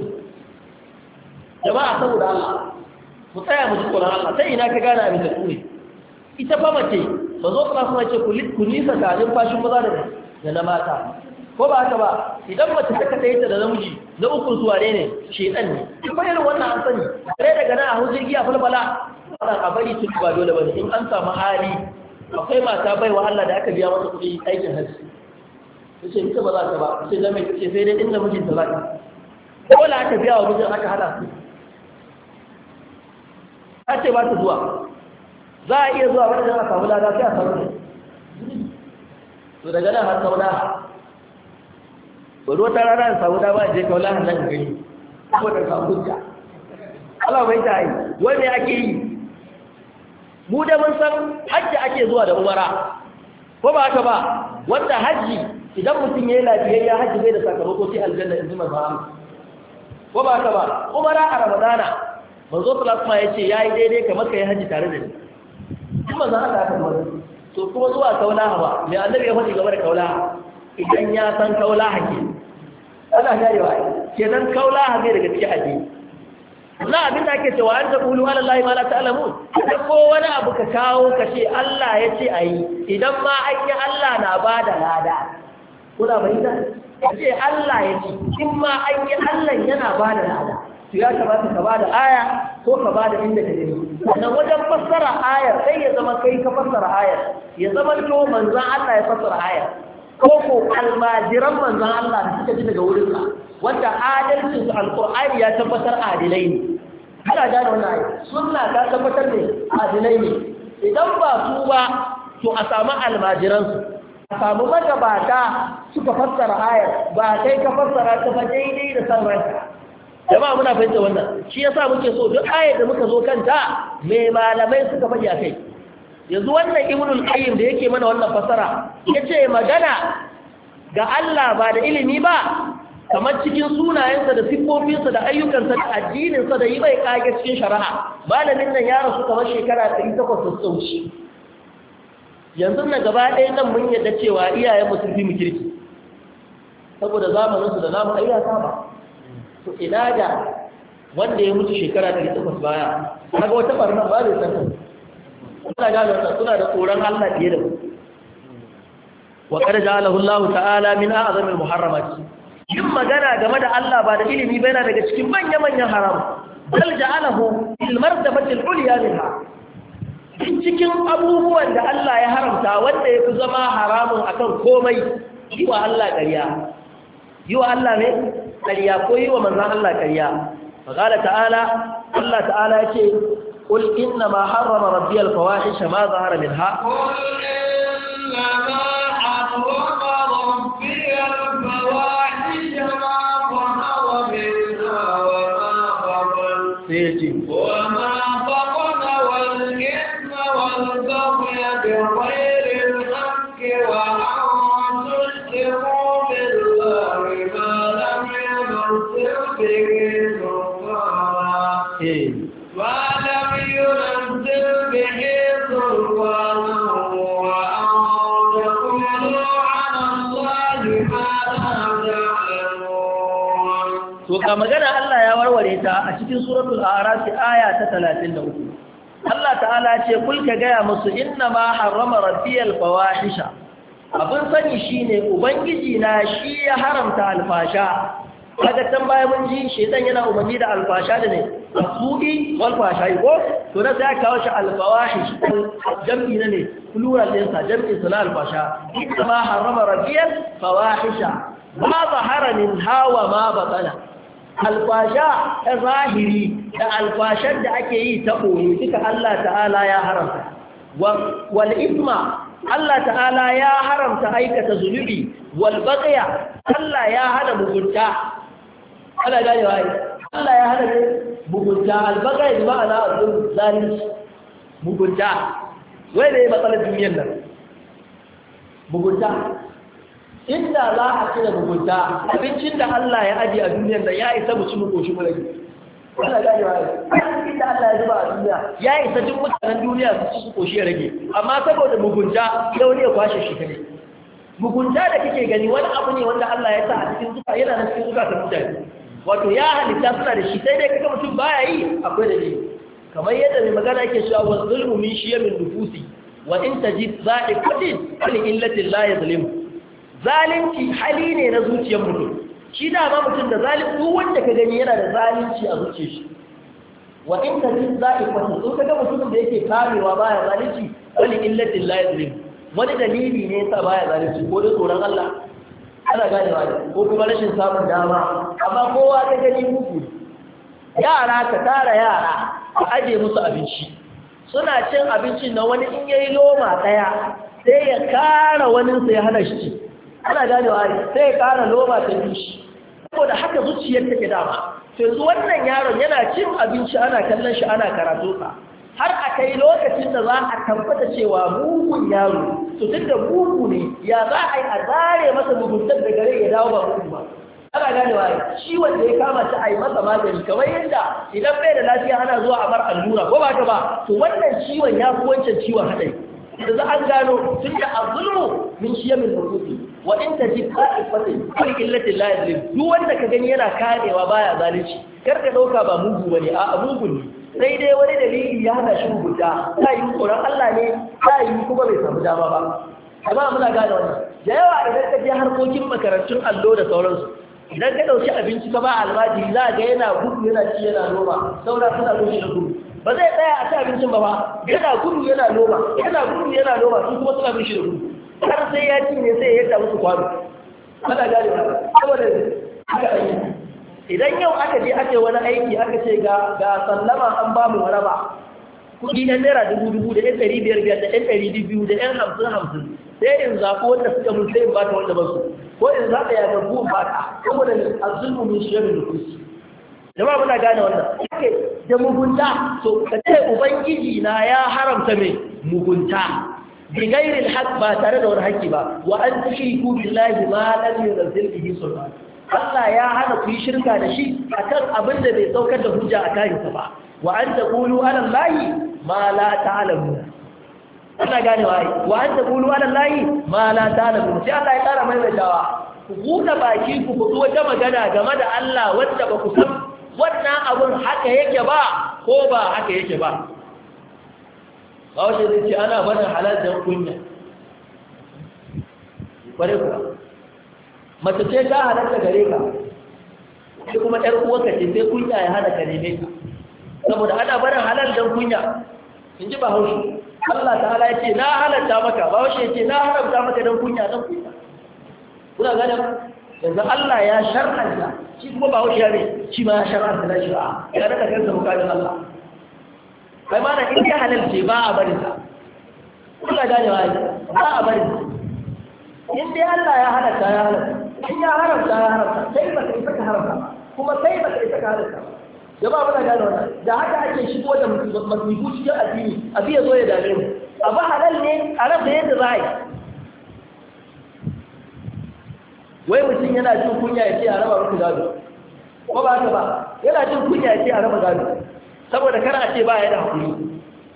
jama'a saboda Allah mu tsaya mu ji tsoron Allah sai ina ka gane abin da su ne ita fa mace ba zo kana kuma ce ku nisa ta fashin maza da da na mata ko ba haka ba idan mace ta kasa ta da namiji na uku su wane ne shedan ne in ba irin wannan an sani kare daga nan a hujjar a falfala ana a tun ba dole ba in an samu hali akwai mata bai wa Allah da aka biya masa kuɗi aikin hajji sai ita ba za ta ba sai zama ce sai dai inda ta za ta la ka biya wa mijin aka hada su a ce ba ta zuwa za a iya zuwa wajen a samu lada sai a samu ne su daga nan har sauna bari wata rana da samu dama je kaula har nan ko da samu hujja Allah bai ta yi wanda ake yi mu da mun san hajji ake zuwa da umara ko ba haka ba wanda hajji idan mutum ya yi lafiyayya hajji bai da sakamako sai aljanna in zuma ba ko ba haka ba umara a ramadana manzo plasma ya ce ya yi daidai kamar ka yi hajji tare da ni kuma za a ta zuwa to kuma zuwa kaulaha ba mai annabi ya faɗi game da kaulaha idan ya san kaula ke ana garewa ke nan kaula ne daga cikin hadisi na abin da ake cewa an taɓulu wani lahi ma ta alamu da ko wani abu ka kawo ka ce Allah ya ce a yi, idan ma an yi Allah na bada lada kuna bai bayyana ka ce Allah ya ce in ma an yi Allah yana bada lada to ya kamata ka ba da aya ko ka ba da inda ka gani sannan wajen fassara ayar sai ya zama kai ka fassara ayar ya zama to manzon Allah ya fassara ayar ko ko almajiran manzon Allah da suka ji daga wurin sa wanda adalcin su alqur'ani ya tabbatar adilai ne kana gane wannan ayar sunna ta tabbatar ne adilai ne idan ba su ba to a samu almajiransu samu magabata suka fassara ayar ba kai ka fassara ta ba daidai da san ranka jama'a muna fahimta wannan shi yasa muke so duk ayar da muka zo kanta me malamai suka faɗi a kai yanzu wannan ibnul qayyim da yake mana wannan fasara yace magana ga Allah ba da ilimi ba kamar cikin sunayensa da siffofinsa da ayyukansa da addininsa da yi mai kage cikin shari'a malamin nan ya rasu kamar shekara 800 sauci yanzu na gaba ɗaya nan mun yadda cewa iyayen mu sun fi mu kirki saboda su da namu ayyuka ba to ina da wanda ya mutu shekara ɗari takwas baya kaga wata barnan ba zai san suna ga ta suna da tsoron Allah fiye da wa qad ja'alahu Allah ta'ala min zama muharramati yin magana game da Allah ba da ilimi ba yana daga cikin manya-manyan haram bal ja'alahu fil martabati al-ulya minha cikin abubuwan da Allah ya haramta wanda ya fi zama haramun akan komai yi wa Allah ƙarya yi wa Allah ne ƙarya ko yi wa manzan Allah فقال تعالى الله تعالى يقول قل إنما حرم ربي الفواحش ما ظهر منها قل إنما حرم ربي الفواحش ما ظهر منها وما فقد وما والبغي بغير ga magana Allah ya warware ta a cikin suratul a'raf aya ta 33 Allah ta'ala ce kul ka gaya musu inna ma harrama rabbiyal fawahisha abin sani shine ubangiji na shi ya haramta alfasha kaga can baya mun ji shedan yana umarni da alfasha da ne asubi wal fashai ko to na sai kawo shi alfawahish jam'i ne plural din sa jam'i suna alfasha inna ma harrama rabbiyal fawahisha ma zahara min hawa ma batana alfasha ta zahiri da alfashar da ake yi ta koyo duka Allah ta'ala ya haramta wal isma Allah ta'ala ya haramta aikata zunubi wal baqiya Allah ya hada mugunta ana gane wai Allah ya hada mugunta al baqiya bi ma'ana zalunci mugunta wai ne matsalar duniyar nan mugunta inda za a cire mugunta abincin da Allah ya ajiye a duniyar da ya isa mutum koshi mu rage Allah gane wa abincin da Allah ya zuba a duniya ya isa duk mutanen duniya su su koshi ya rage amma saboda mugunta yau ne ya kwashe shi kare mugunta da kike gani wani abu ne wanda Allah ya sa a cikin zuka yana na cikin zuka ta mutane wato ya halitta suna da shi sai dai kaga mutum baya yi akwai da ne kamar yadda mai magana yake cewa wa zulmu min shiyamin nufusi wa in tajid za'i qadin li illati la yuzlimu zalunci hali ne na zuciyar mutum shi dama mutum da zalunci wanda ka gani yana da zalunci a zuciyar shi wa in ka ji za'i kwata so ka ga mutumin da yake kamewa baya zalunci wani illatin la yazlim wani dalili ne ba baya zalunci ko da tsoron Allah ana gane ba ko kuma rashin samun dama amma kowa ka gani muku yara ka tara yara ka aje musu abinci suna cin abinci na wani in yayi loma daya sai ya kara wani sai ya hana shi ana ganewa ne sai ya kara loma ta bishi saboda haka zuciyar take dama sai zu wannan yaron yana cin abinci ana kallon shi ana karatu sa har a kai lokacin da za a tabbata cewa mugun yaro to duk da mugu ne ya za a yi a zare masa buguntar da gare ya dawo ba mugu ba ana ganewa ne shi wanda ya kama ta a yi masa magani kamar yadda idan bai da lafiya ana zuwa a mar allura ko ba ka ba to wannan ciwon ya fi wancan ciwon haɗari da za a gano tun da azulmu min ciyamin min wa ji tajid fasin? fi illati la yadlim duk wanda ka gani yana karewa baya zalunci kar ka dauka ba mugu bane a mugun ne sai dai wani dalili ya hana shi mugunta ta yi tsoron Allah ne ta yi kuma bai samu dama ba amma muna gane wannan da yawa idan ka je harkokin makarantun allo da sauransu idan ka dauki abinci ka ba almajiri za ga yana gudu yana ci yana noma saura suna gudu da gudu ba zai tsaya a ci abincin ba ba yana gudu yana noma yana gudu yana noma su kuma suna gudu da gudu har sai ya ci ne sai ya yadda musu kwano ana gari ba saboda haka aiki idan yau aka je aka wani aiki aka ce ga ga sallama an ba mu raba kudi na naira dubu dubu da ɗan ɗari biyar biyar da ɗan ɗari biyu da ɗan hamsin hamsin sai in zaɓi wanda suka mun sai in ba ta wanda ba su ko in zaɓa ya zaɓi in ba ta da azumu min shiyar da kusi jama'a muna gane wannan ake da mugunta to ka ce ubangiji na ya haramta mai mugunta bigairil haq ba tare da wani haki ba wa an tushriku billahi ma lam yunzil bihi sultan Allah ya hana ku yi shirka da shi akan abin da bai saukar da hujja a kansa ba wa an taqulu ala allahi ma la ta'lamun ana gane wai wa an taqulu ala allahi ma la ta'lamun sai Allah ya kara mai dawa. ku buɗe baki ku fito wata magana game da Allah wanda ba ku san wannan abun haka yake ba ko ba haka yake ba ba wace zai ce ana barin halal don kunya kware kuwa mace ce ta halatta gare ka shi kuma ɗan uwanka ce sai kunya ya hana ka neme ka saboda ana barin halal don kunya in ji bahaushe Allah ta'ala ya ce na halatta maka bahaushe ya ce na haramta maka don kunya don kunya kuna gane yanzu Allah ya shar'anta shi kuma bahaushe ya ne shi ma ya shar'anta na shari'a ya daga kansa mukamin Allah kai mana in ya halalce ba a bari ta kuka gane wa ba a bari in dai Allah ya halatta ya halatta in ya haramta ya haramta sai ba ka isa ka haramta kuma sai ba ka isa ka haramta ya ba na gane wannan da haka ake shigo da masifu cikin addini a biya zo ya dame mu ba halal ne a rasa yadda za a yi wai mutum yana jin kunya ya ce a raba muku gado ko ba haka ba yana jin kunya ya ce a raba gado saboda kar a ce ba ya da hakuri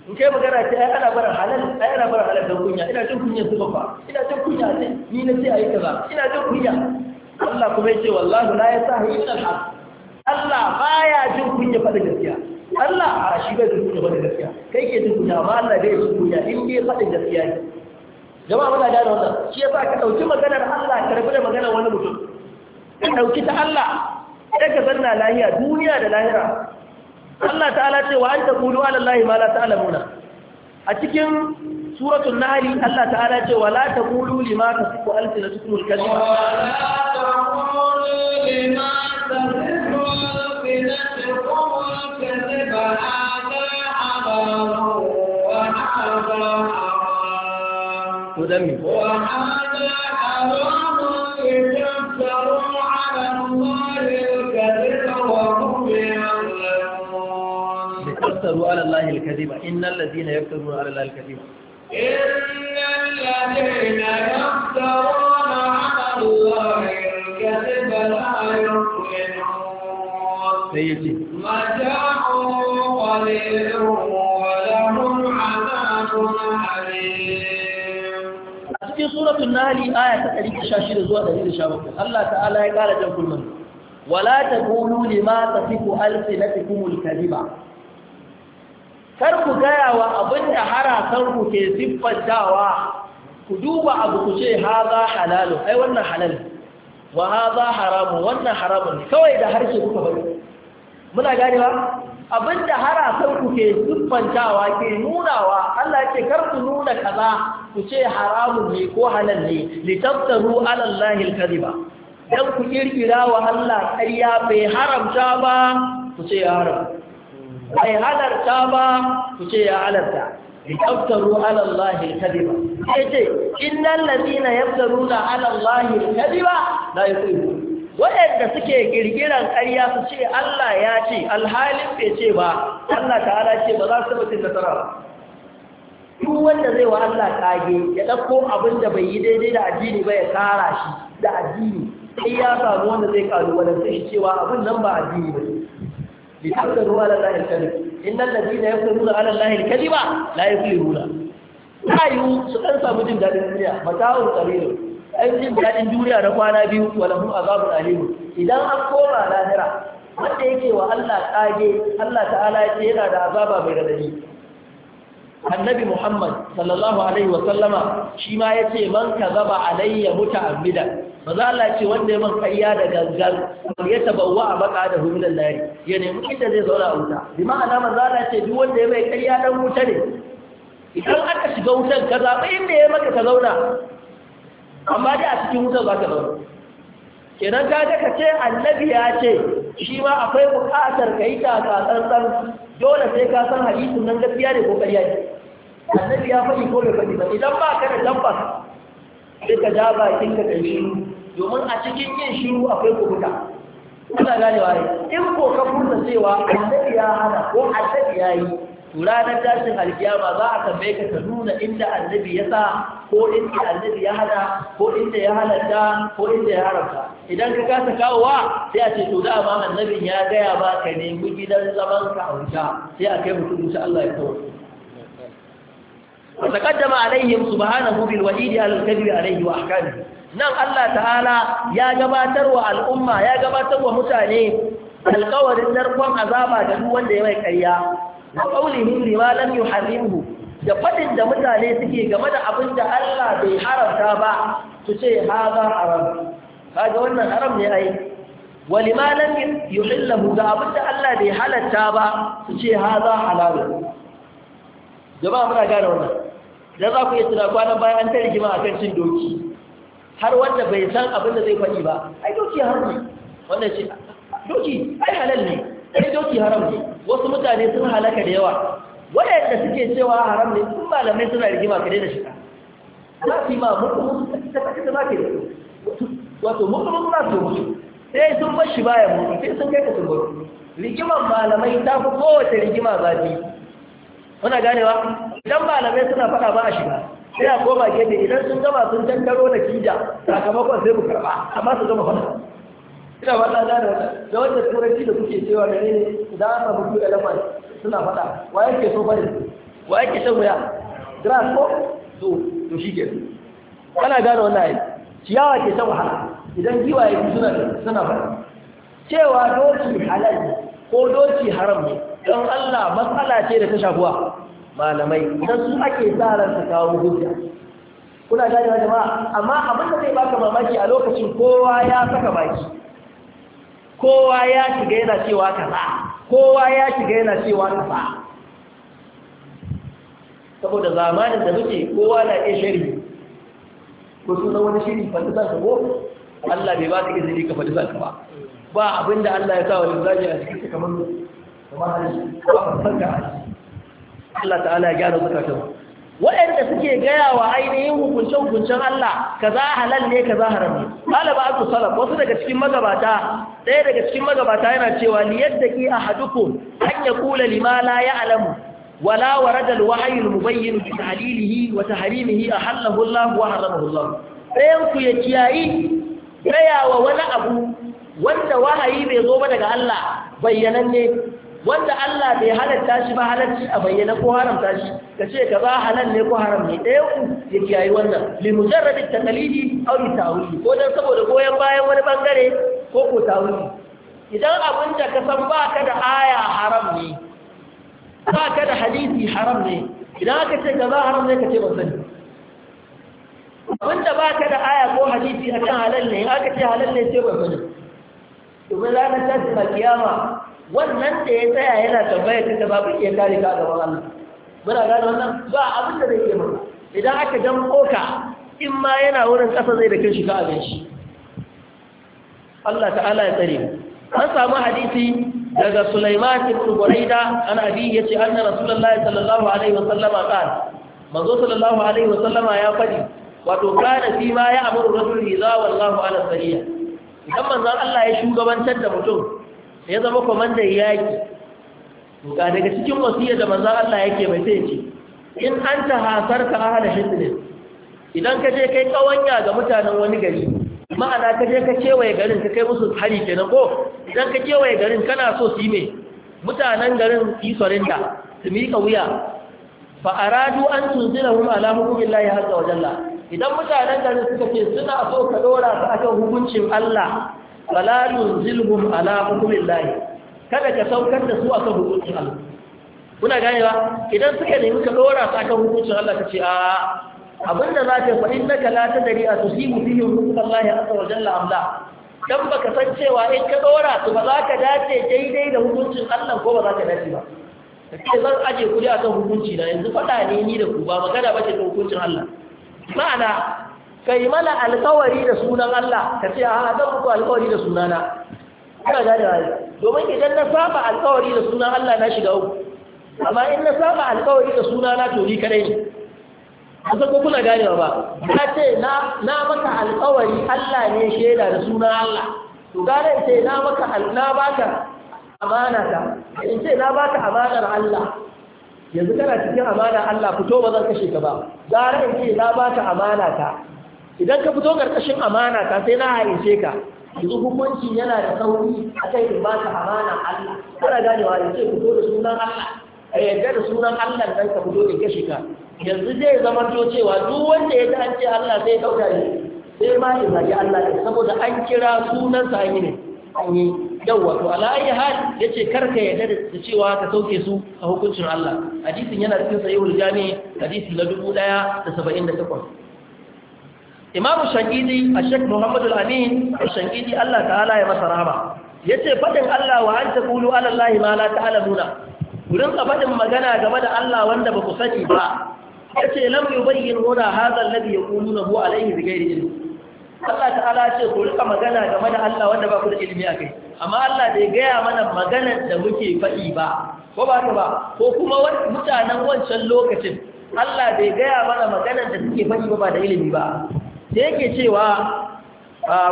in kai magana ce ai ana bara halal ai ana bara halal dan kunya ina jin kunya su baba ina jin kunya ne ni na ce ayi kaza ina jin kunya Allah kuma yace wallahi la yasahi illa al-haq Allah baya jin kunya da gaskiya Allah a shi bai jin kunya da gaskiya kai ke jin kunya amma Allah bai jin kunya in dai da gaskiya ne jama'a muna gane wannan shi yasa ka dauki maganar Allah ka da maganar wani mutum ka dauki ta Allah sai ka zanna lahiya duniya da lahira Allah ta'ala ce wa an taqulu ala Allah ma la ta'lamuna a cikin suratul nahl Allah ta'ala ce wa la taqulu lima tasifu alsinatukum al wa la taqulu lima tasifu alsinatukum al-kadhiba hadha haram wa hadha haram wa yaktaru ala Allah al-kadhiba innal ladina yaktaru ala Allah al-kadhiba innal ladina yaktaruna ala Allah al-kadhiba la yuqinun suratul nahl ayata 116 zuwa 117 Allah ta'ala ya kara jan kulmun wala taqulu lima tasifu alsinatukum alkadiba kar ku gaya wa abinda da harasanku ke siffantawa ku duba abu ku ce haza halalu ai wannan halal wa haza haramun wannan haramun kawai da harshe kuka bari muna gane ba Abinda da harasanku ke siffantawa ke nunawa Allah ce kar ku nuna kaza ku ce haramun ne ko halal ne litaftaru ala Allah alkadiba dan ku kirkira wa Allah ƙarya bai haramta ba ku ce haram bai halarta ba ku ce ya halarta yaftaru ala Allah kadiba yace innal ladina yaftaruna ala Allah kadiba la yuqimu suke girgiran ƙarya su ce Allah ya ce alhalin bai ce ba Allah ta'ala ce ba za su cin nasara ba duk wanda zai wa Allah kage ya dauko abin da bai yi daidai da addini ba ya kara shi da addini sai ya samu wanda zai kalu wanda sai cewa abin nan ba addini ba لتفتروا على الله الكذب إن الذين يفترون على الله الكذب لا يفلحون rayu su ɗan samu jin daɗin duniya mata'un ƙalilu ɗan daɗin duniya na kwana biyu wala hum azabun idan an koma lahira wanda yake wa Allah kage Allah ta'ala yana da azaba mai radadi annabi Muhammad sallallahu alaihi wa sallama shi ma yace man kazaba alayya maza Allah ce wanda ya man kariya da gangan ya tabawa a baka da huminan lari ya nemi inda zai zauna a wuta bi ma'ana maza Allah ce duk wanda ya mai kariya dan wuta ne idan aka shiga wutan ka zaɓi inda ya maka ka zauna amma dai a cikin wutan za ka zauna kenan ka ga ka ce annabi ya ce shi ma akwai buƙatar ka yi tsantsan, dole sai ka san hadisin nan gaskiya ne ko ƙarya ne annabi ya faɗi ko bai faɗi ba idan ba ka da tabbas sai ka ja bakin ka kai shiru domin a cikin yin shiru akwai kubuta kuna ganewa ne in ko ka furta cewa annabi ya hana ko annabi ya yi to ranar tashin alkiyama za a tambaye ka ka nuna inda annabi ya sa ko inda annabi ya hana ko inda ya halatta ko inda ya haramta idan ka kasa kawowa sai a ce to dama annabin ya gaya ba ka nemi gidan zaman ka a wuta sai a kai mutum insha Allah ya kawo وتقدم عليهم سبحانه بالوعيد على الكذب عليه واحكامه nan Allah ta'ala ya gabatar wa al'umma ya gabatar wa mutane alƙawarin narkon azaba da duk wanda ya mai ƙarya wa qawlihim lima lam yuharrimhu da fadin da mutane suke game da abin da Allah bai haramta ba su ce haza haram kaga wannan haram ne ai wa lima lam yuhillahu da abin da Allah bai halatta ba su ce haza halal jama'a muna gane wannan da za ku yi tuna kwanan bayan an ta rigima a kan cin doki har wanda bai san abin da zai faɗi ba ai doki har ne wannan ce doki ai halal ne ai doki haram ne wasu mutane sun halaka da yawa waɗanda suke cewa haram ne sun malamai suna rigima ka daina shiga za su yi ma mutum ta faɗi da za da yi wato mutum za su mutu sai sun bashi baya mutu sai sun kai ka sun bar rigiman malamai ta fi kowace rigima zafi muna ganewa idan malamai suna faɗa ba a shiga sai a koma gefe idan sun gama sun tantaro da kida sakamakon sai mu karɓa amma su gama faɗa ina faɗa da da wanda turanci da kuke cewa da ne da a samu da mai suna faɗa wa yake so bari wa yake shan wuya grass ko to to shi ke kana gane wannan ai ciyawa ke shan wahala idan giwaye suna suna faɗa cewa doki halal ko doki haram ne don Allah matsala ce da ta shafuwa malamai don su ake tsarar su kawo hujja kuna gani wa jama'a amma abin da zai baka mamaki a lokacin kowa ya saka baki kowa ya shiga yana cewa kaza kowa ya shiga yana cewa kaza saboda zamanin da muke kowa na iya shari ko na wani shiri fadi za ka ko Allah bai ba ka izini ka fadi za ka ba ba abinda Allah ya sa wa lissafi a cikin kamar Allah ta'ala ya gyara zakatun waɗanda suke gaya wa ainihin hukuncen-hukuncen Allah ka za halal ne ka za haram ne ɗalaba abu salaf wasu daga cikin magabata ɗaya daga cikin magabata yana cewa liyar da ke a haduku an ya kula lima la ya alamu wala wa radal wahayul mubayyin bi tahlilihi wa tahrimihi ahallahu Allah wa haramahu Allah ɗayan ku ya kiyayi gaya wa wani abu wanda wahayi bai zo ba daga Allah bayyananne wanda Allah bai halatta shi ba halacci a bayyana ko haramta shi ka ce ka ba halal ne ko haram ne ɗaya ku ya kiyaye wannan li mujarrad at-taqlidi aw li tawili ko dan saboda goyen bayan wani bangare ko ko tawili idan abin da ka san ba ka da aya haram ne ba ka da hadisi haram ne idan aka ce ka ba haram ne ka ce ban sani abin da ba ka da aya ko hadisi akan halal ne aka ce halal ne ce ban sani domin ranar tasiri kiyama wannan da ya tsaya yana tambaya ta da babu iya kare ka gaban Allah muna gane wannan ba abin da zai iya mana idan aka damƙo ka in ma yana wurin ƙasa zai da shi ka abin shi Allah ta'ala ya tsare mu. an samu hadisi daga Sulaiman ibn Buraida an abi yace anna Rasulullahi sallallahu alaihi sallama qala manzo sallallahu alaihi sallama ya fadi wato kana fi ma ya amuru rasul idza wallahu ala sariya idan manzo Allah ya shugabantar da mutum ya zama kwamandan yaƙi ga daga cikin wasiya da manzan Allah yake mai sai ce in an ta hasar ka hana shirin idan ka je kai kawanya ga mutanen wani gari ma'ana ka je ka kewaye garin ka kai musu hari kenan ko idan ka kewaye garin kana so su yi mai mutanen garin su yi da su miƙa wuya fa a radu an tunzila hum ala har da wajen la. idan mutanen garin suka ce suna so ka dora su kan hukuncin Allah fala yunzilhum ala layi. kada ka saukar da su akan hukuncin Allah kuna ganewa idan suka nemi ka dora su akan hukuncin Allah ka ce a abinda za ka fa innaka la tadri atusibu fihi Allah azza wa jalla am la dan baka san cewa in ka dora su ba za ka dace daidai da hukuncin Allah ko ba za ka dace ba kake zan aje kuɗi akan hukunci na yanzu faɗa ne ni da ku ba magana ce ta hukuncin Allah ma'ana kai mana alkawari da sunan Allah ka ce a zan muku alkawari da sunana ina gane wani domin idan na saba alkawari da sunan Allah na shiga uku amma in na saba alkawari da sunana to ni kadai ne an san kuna ganewa ba na ce na maka alkawari Allah ne shaida da sunan Allah to gane ce na maka na baka amana ta in ce na baka amanar Allah yanzu kana cikin amanar Allah fito ba zan kashe ka ba gara in ce na baka amana ta idan ka fito ƙarƙashin amana ta sai na haice ka yanzu hukunci yana da sauri a kai in baka amana Allah kana ganewa da ce fito da sunan Allah a yarda da sunan Allah dan ka fito da gashi ka yanzu zai zama to cewa duk wanda ya ji an ce Allah sai dauka ne sai ma ya zaki Allah ne saboda an kira sunan sa yi ne an yi yawwa to ala ayi hal yace karka yarda da cewa ka sauke su a hukuncin Allah hadisin yana cikin sahihul jami hadisi na 1178 imamu shankidi a shek muhammadu amin shankidi allah ta'ala ya masa rama ya ce faɗin allah wa an ta kulu alallahi ma la ta'ala nuna wurin a faɗin magana game da allah wanda ba ku sani ba ya ce lam yi bayyin nuna hazan labi ya kulu na bu alaihi zigairi ilmi allah ta'ala ce ku rika magana game da allah wanda ba ku da ilimi a kai amma allah bai gaya mana magana da muke faɗi ba ko ba ba ko kuma mutanen wancan lokacin Allah bai gaya mana magana da suke faɗi ba da ilimi ba sai yake cewa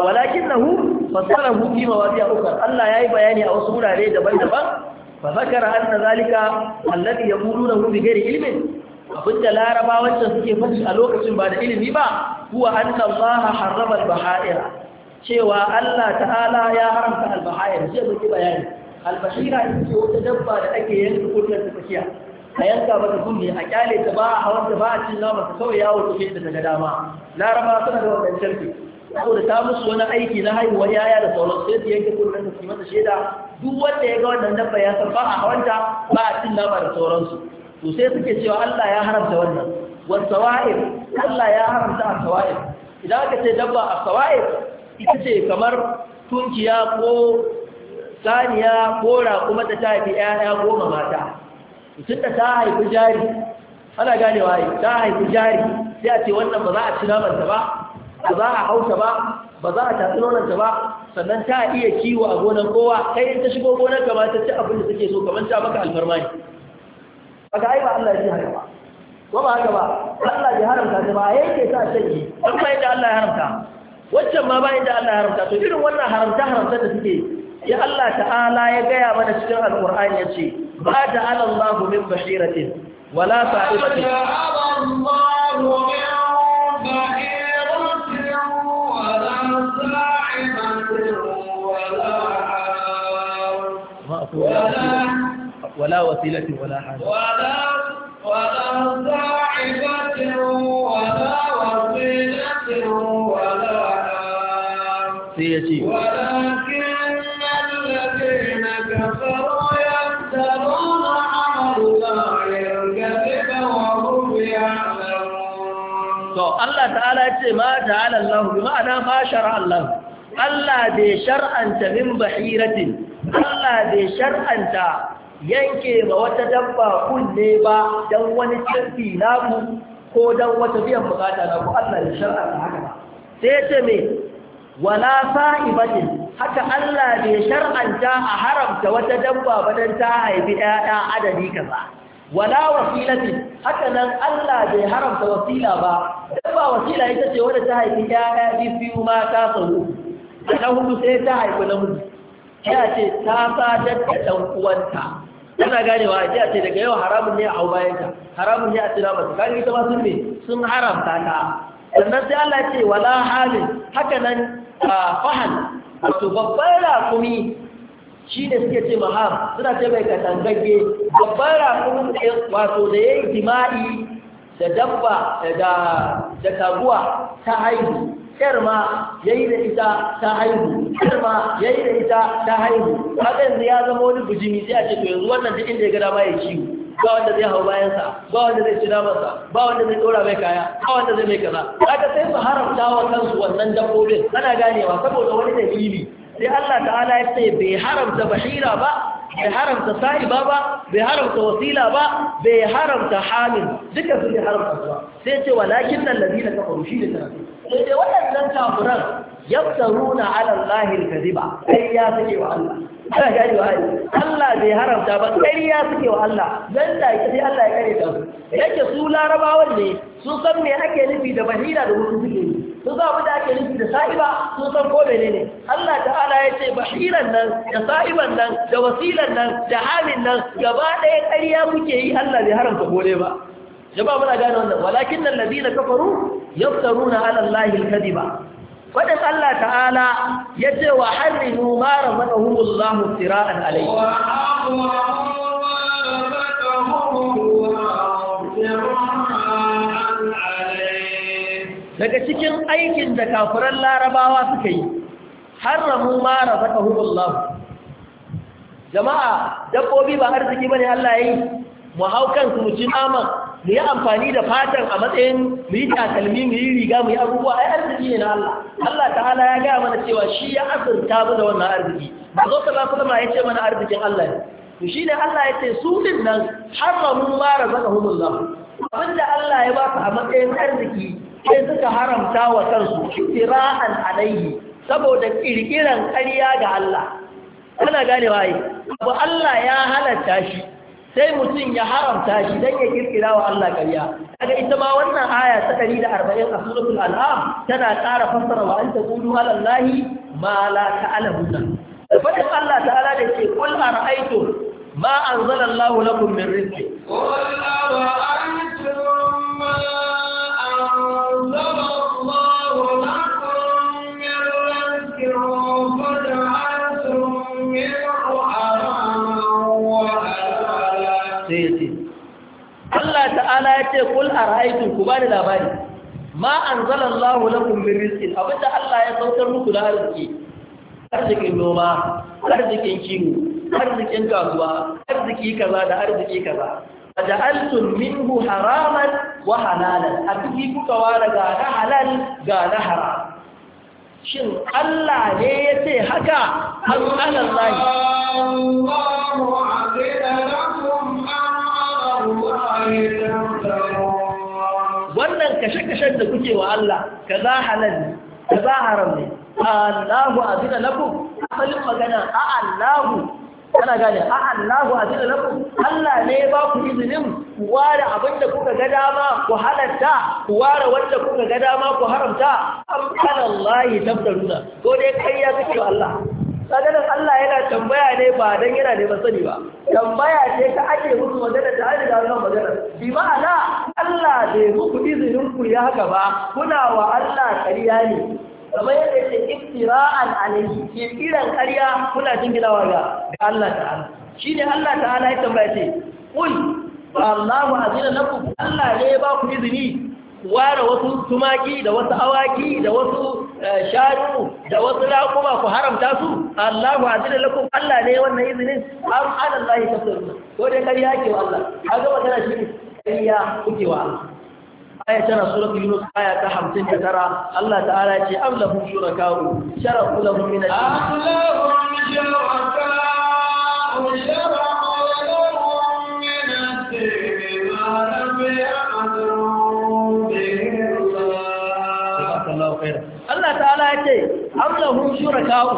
walakin nahu fasarahu fi a ukar, Allah ya yi bayani a wasu wurare daban-daban ba zakara anna zalika alladhi yaqulunahu bi ghairi ilmin abinda larabawan da suke fashi a lokacin ba da ilimi ba kuwa anna Allah harrama bahaira cewa Allah ta'ala ya haramta al-baha'ira sai muke bayani al-bahira ita ce wata dabba da ake yanka kullun tafiya a yanka mata kunne a kyale ta ba a hawan ba a cin nama ta kawai yawo ta fi daga dama laraba suna da wannan ko saboda ta musu wani aiki na haihuwar yaya da sauran sai su yanke kullum da su mata shaida duk wanda ya ga wannan dabba ya san ba a hawan ba a cin nama da sauransu to sai suke cewa Allah ya haramta wannan wasawa'ir Allah ya haramta asawa'ir idan aka ce dabba a asawa'ir ita ce kamar tunkiya ko saniya ko kuma ta tafi 'ya'ya goma mata tun da ta haifi jari ana ganewa yi ta haifi jari sai a ce wannan ba za a ci ta ba ba za a hauta ba ba za a tatsi nonanta ba sannan ta iya kiwo a gonar kowa kai in ta shigo gonar ka ba ta ci abin da suke so kamar ta maka alfarma ne aka ai ba Allah ya ji haka ba ko ba haka ba Allah ya haramta ta ba yake sa shanye an ba yadda Allah ya haramta waccan ma ba yadda Allah ya haramta to irin wannan haramta haramta da suke ya Allah ta'ala ya gaya mana cikin alqur'ani ya ce ما جعل الله من بحيرة ولا سائبة جعل الله من بحيرة ولا سائبة ولا ولا ولا وسيلة ولا حاجة ولا ولا سائبة ولا وسيلة ولا حاجة ولكن Allah ta'ala ya ce ma ta'ala Allah bi ma'ana ma shar'a Allah Allah bai shar'anta min bahiratin Allah bai shar'anta yanke ba wata dabba kunne ba don wani na mu. ko don wata biyan bukata ku Allah bai shar'anta haka ba sai ce me wala fa'ibatin haka Allah bai shar'anta a haramta wata dabba ba don ta haifi 'ya'ya adadi kaza wala wasilati haka nan Allah bai haramta wasila ba dabba wasila ita ce wanda ta haifi yaya biyu mata sau ta hudu sai ta haifi namiji ya ce ta sadar da ɗan uwanta ana ganewa a ce daga yau haramun ne a hau bayan bayanta haramun ne a tura masu kan ita ma sun ne sun haramta ta sannan sai Allah ce wala halin haka nan fahal wato babban rakumi shi ne suke ce mahar suna ce mai katangage babban rakunin wato da ya yi jima'i da dabba eh, da taguwa ta haihu ƙyar ma ya yi da ita ta haihu ƙyar ma ya yi da ita ta haihu yanzu ya zama wani bujimi sai a ce to yanzu wannan duk inda ya gada ma ya ciwo ba wanda zai hau bayansa ba wanda zai ci namansa ba wanda zai ɗora mai kaya ba wanda zai mai kaza aka sai su haramta wa kansu wannan dabbobin ana ganewa saboda wani dalili sai Allah ta'ala ya ce bai haramta bahira ba bai haramta sa'iba ba bai haramta wasila ba bai haramta hamil duka su ne haramta ba sai ce walakin nan ladina kafaru shi da tarafi sai dai waɗannan kafiran yaftaruna ala Allah al-kadhiba ya suke wa Allah ana gani wa Allah bai haramta ba ƙarya suke wa Allah dan da sai Allah ya kare ta yake su larabawan ne su san me ake nufi da bahira da wasu suke yi sun za da ake nufi da sa'iba sun san ko mene ne Allah ta'ala ya ce bashiran nan da sa'iban nan da wasilan nan da halin nan gaba ɗaya ƙarya muke yi Allah bai haramta kore ba jama'a muna gane wannan walakin nan ladina kafaru yaftaruna ala Allah kadiba wadda Allah ta'ala ya ce wa harrimu ma ramadahumullahu tira'an alayhi daga cikin aikin da kafiran larabawa suka yi haramu ma razaqahumullah jama'a dabbobi ba arziki bane Allah yayi mu haukan su mu ci nama mu yi amfani da fatan a matsayin mu yi takalmi mu yi riga mu yi abubuwa ai arziki ne na Allah Allah ta'ala ya gaya mana cewa shi ya azurta mu da wannan arziki ba zo sallallahu alaihi wasallam ya ce mana arzikin Allah ne to shi Allah ya ce su din nan haramu ma razaqahumullah abinda Allah ya ba a matsayin arziki sai suka haramta wa kansu kira'an alaihi saboda kirkiran ƙarya ga Allah kana gane waye abu Allah ya halatta shi sai mutum ya haramta shi dan ya kirkira wa Allah ƙarya kaga ita ma wannan aya ta 140 a suratul an'am tana ƙara fassara wa anta qulu ala allahi ma la ta'lamuna fadin Allah ta'ala da ce qul ara'aytum ma anzala allahu lakum min rizqi qul ara'aytum ta'ala ya ce kul ara'aytum ku bani labari ma anzalallahu lakum min abin da Allah ya saukar muku da arziki arzikin noma arzikin kiwo arzikin kasuwa arziki kaza da arziki kaza faja'altum minhu haraman wa halalan abiki kuka ware ga na halal ga na haram shin Allah ne ya ce haka an alallahi Allahu akbar لهم أمر الله wannan kashe-kashen da kuke wa Allah kaza halal ne kaza haram ne Allahu azina lakum asalin magana a Allahu kana gane a Allahu zina lafu Allah ne ya ba ku izinin ku ware abin da kuka ga dama ku halatta ku ware wanda kuka ga dama ku haramta am kalallahi tabdaruna ko dai kai ya kike Allah saganin Allah yana tambaya ne ba don yana neman sani ba tambaya ce ta ake musu magana ta an da wannan magana bi bai muku izinin ku ya haka ba kuna wa Allah ƙarya ne kamar yadda iftira iftira'an alayhi kiran ƙarya kuna jinginawa ga Allah ta'ala shi ne Allah ta'ala ya tambaya ce kul fa Allahu azina lakum Allah ne ya ba ku izini ware wasu tumaki da wasu awaki da wasu eh, shanu da wasu laƙuma ku haramta su Allahu na lakum Allah ne wannan izinin am ana Allah ya tafsir ko dai kariya ke wa Allah kaga magana shi kariya kuke wa Allah aya tana suratul yunus aya ta 59 Allah ta'ala ya ce am lahum shuraka'u shara'u lahum min al-din Allah ta'ala ya ce, "Amlahun shuraka'u,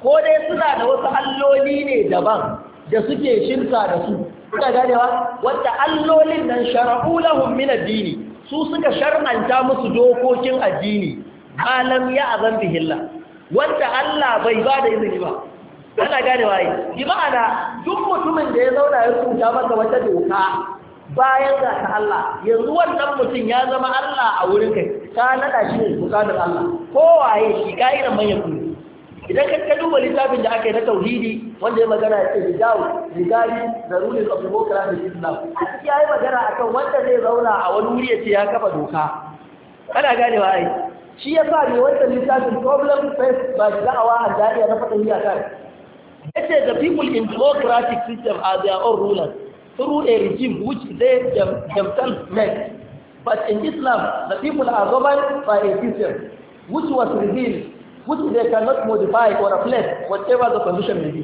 ko dai suna da wasu alloli ne daban da suke shirka da su, suka ganewa, wanda allolin nan shara'u lahun min addini, su suka shar'anta musu dokokin addini alam ya azan bihilla wanda Allah bai ba da izini ba ana gane waye bi ma'ana duk mutumin da ya zauna ya rubuta maka wata doka bayan ga ta Allah yanzu wannan mutum ya zama Allah a wurin kai ka nada shi ne bukatar Allah ko waye shi irin manyan kuma idan ka ka duba littafin da aka yi na tauhidi wanda ya magana ya ce hijabu rigari da rules of democracy islam a ciki ya yi magana a kan wanda zai zauna a wani wuri ya ce ya kafa doka ana wa ai shi ya sa ne wanda littafin problem face ba shi da'awa a jariya na fatan kai Ya ce the people in democratic system are their own rulers through a regime which they themselves make but in islam the people are governed by a system which was revealed which they cannot modify or replace whatever the condition may be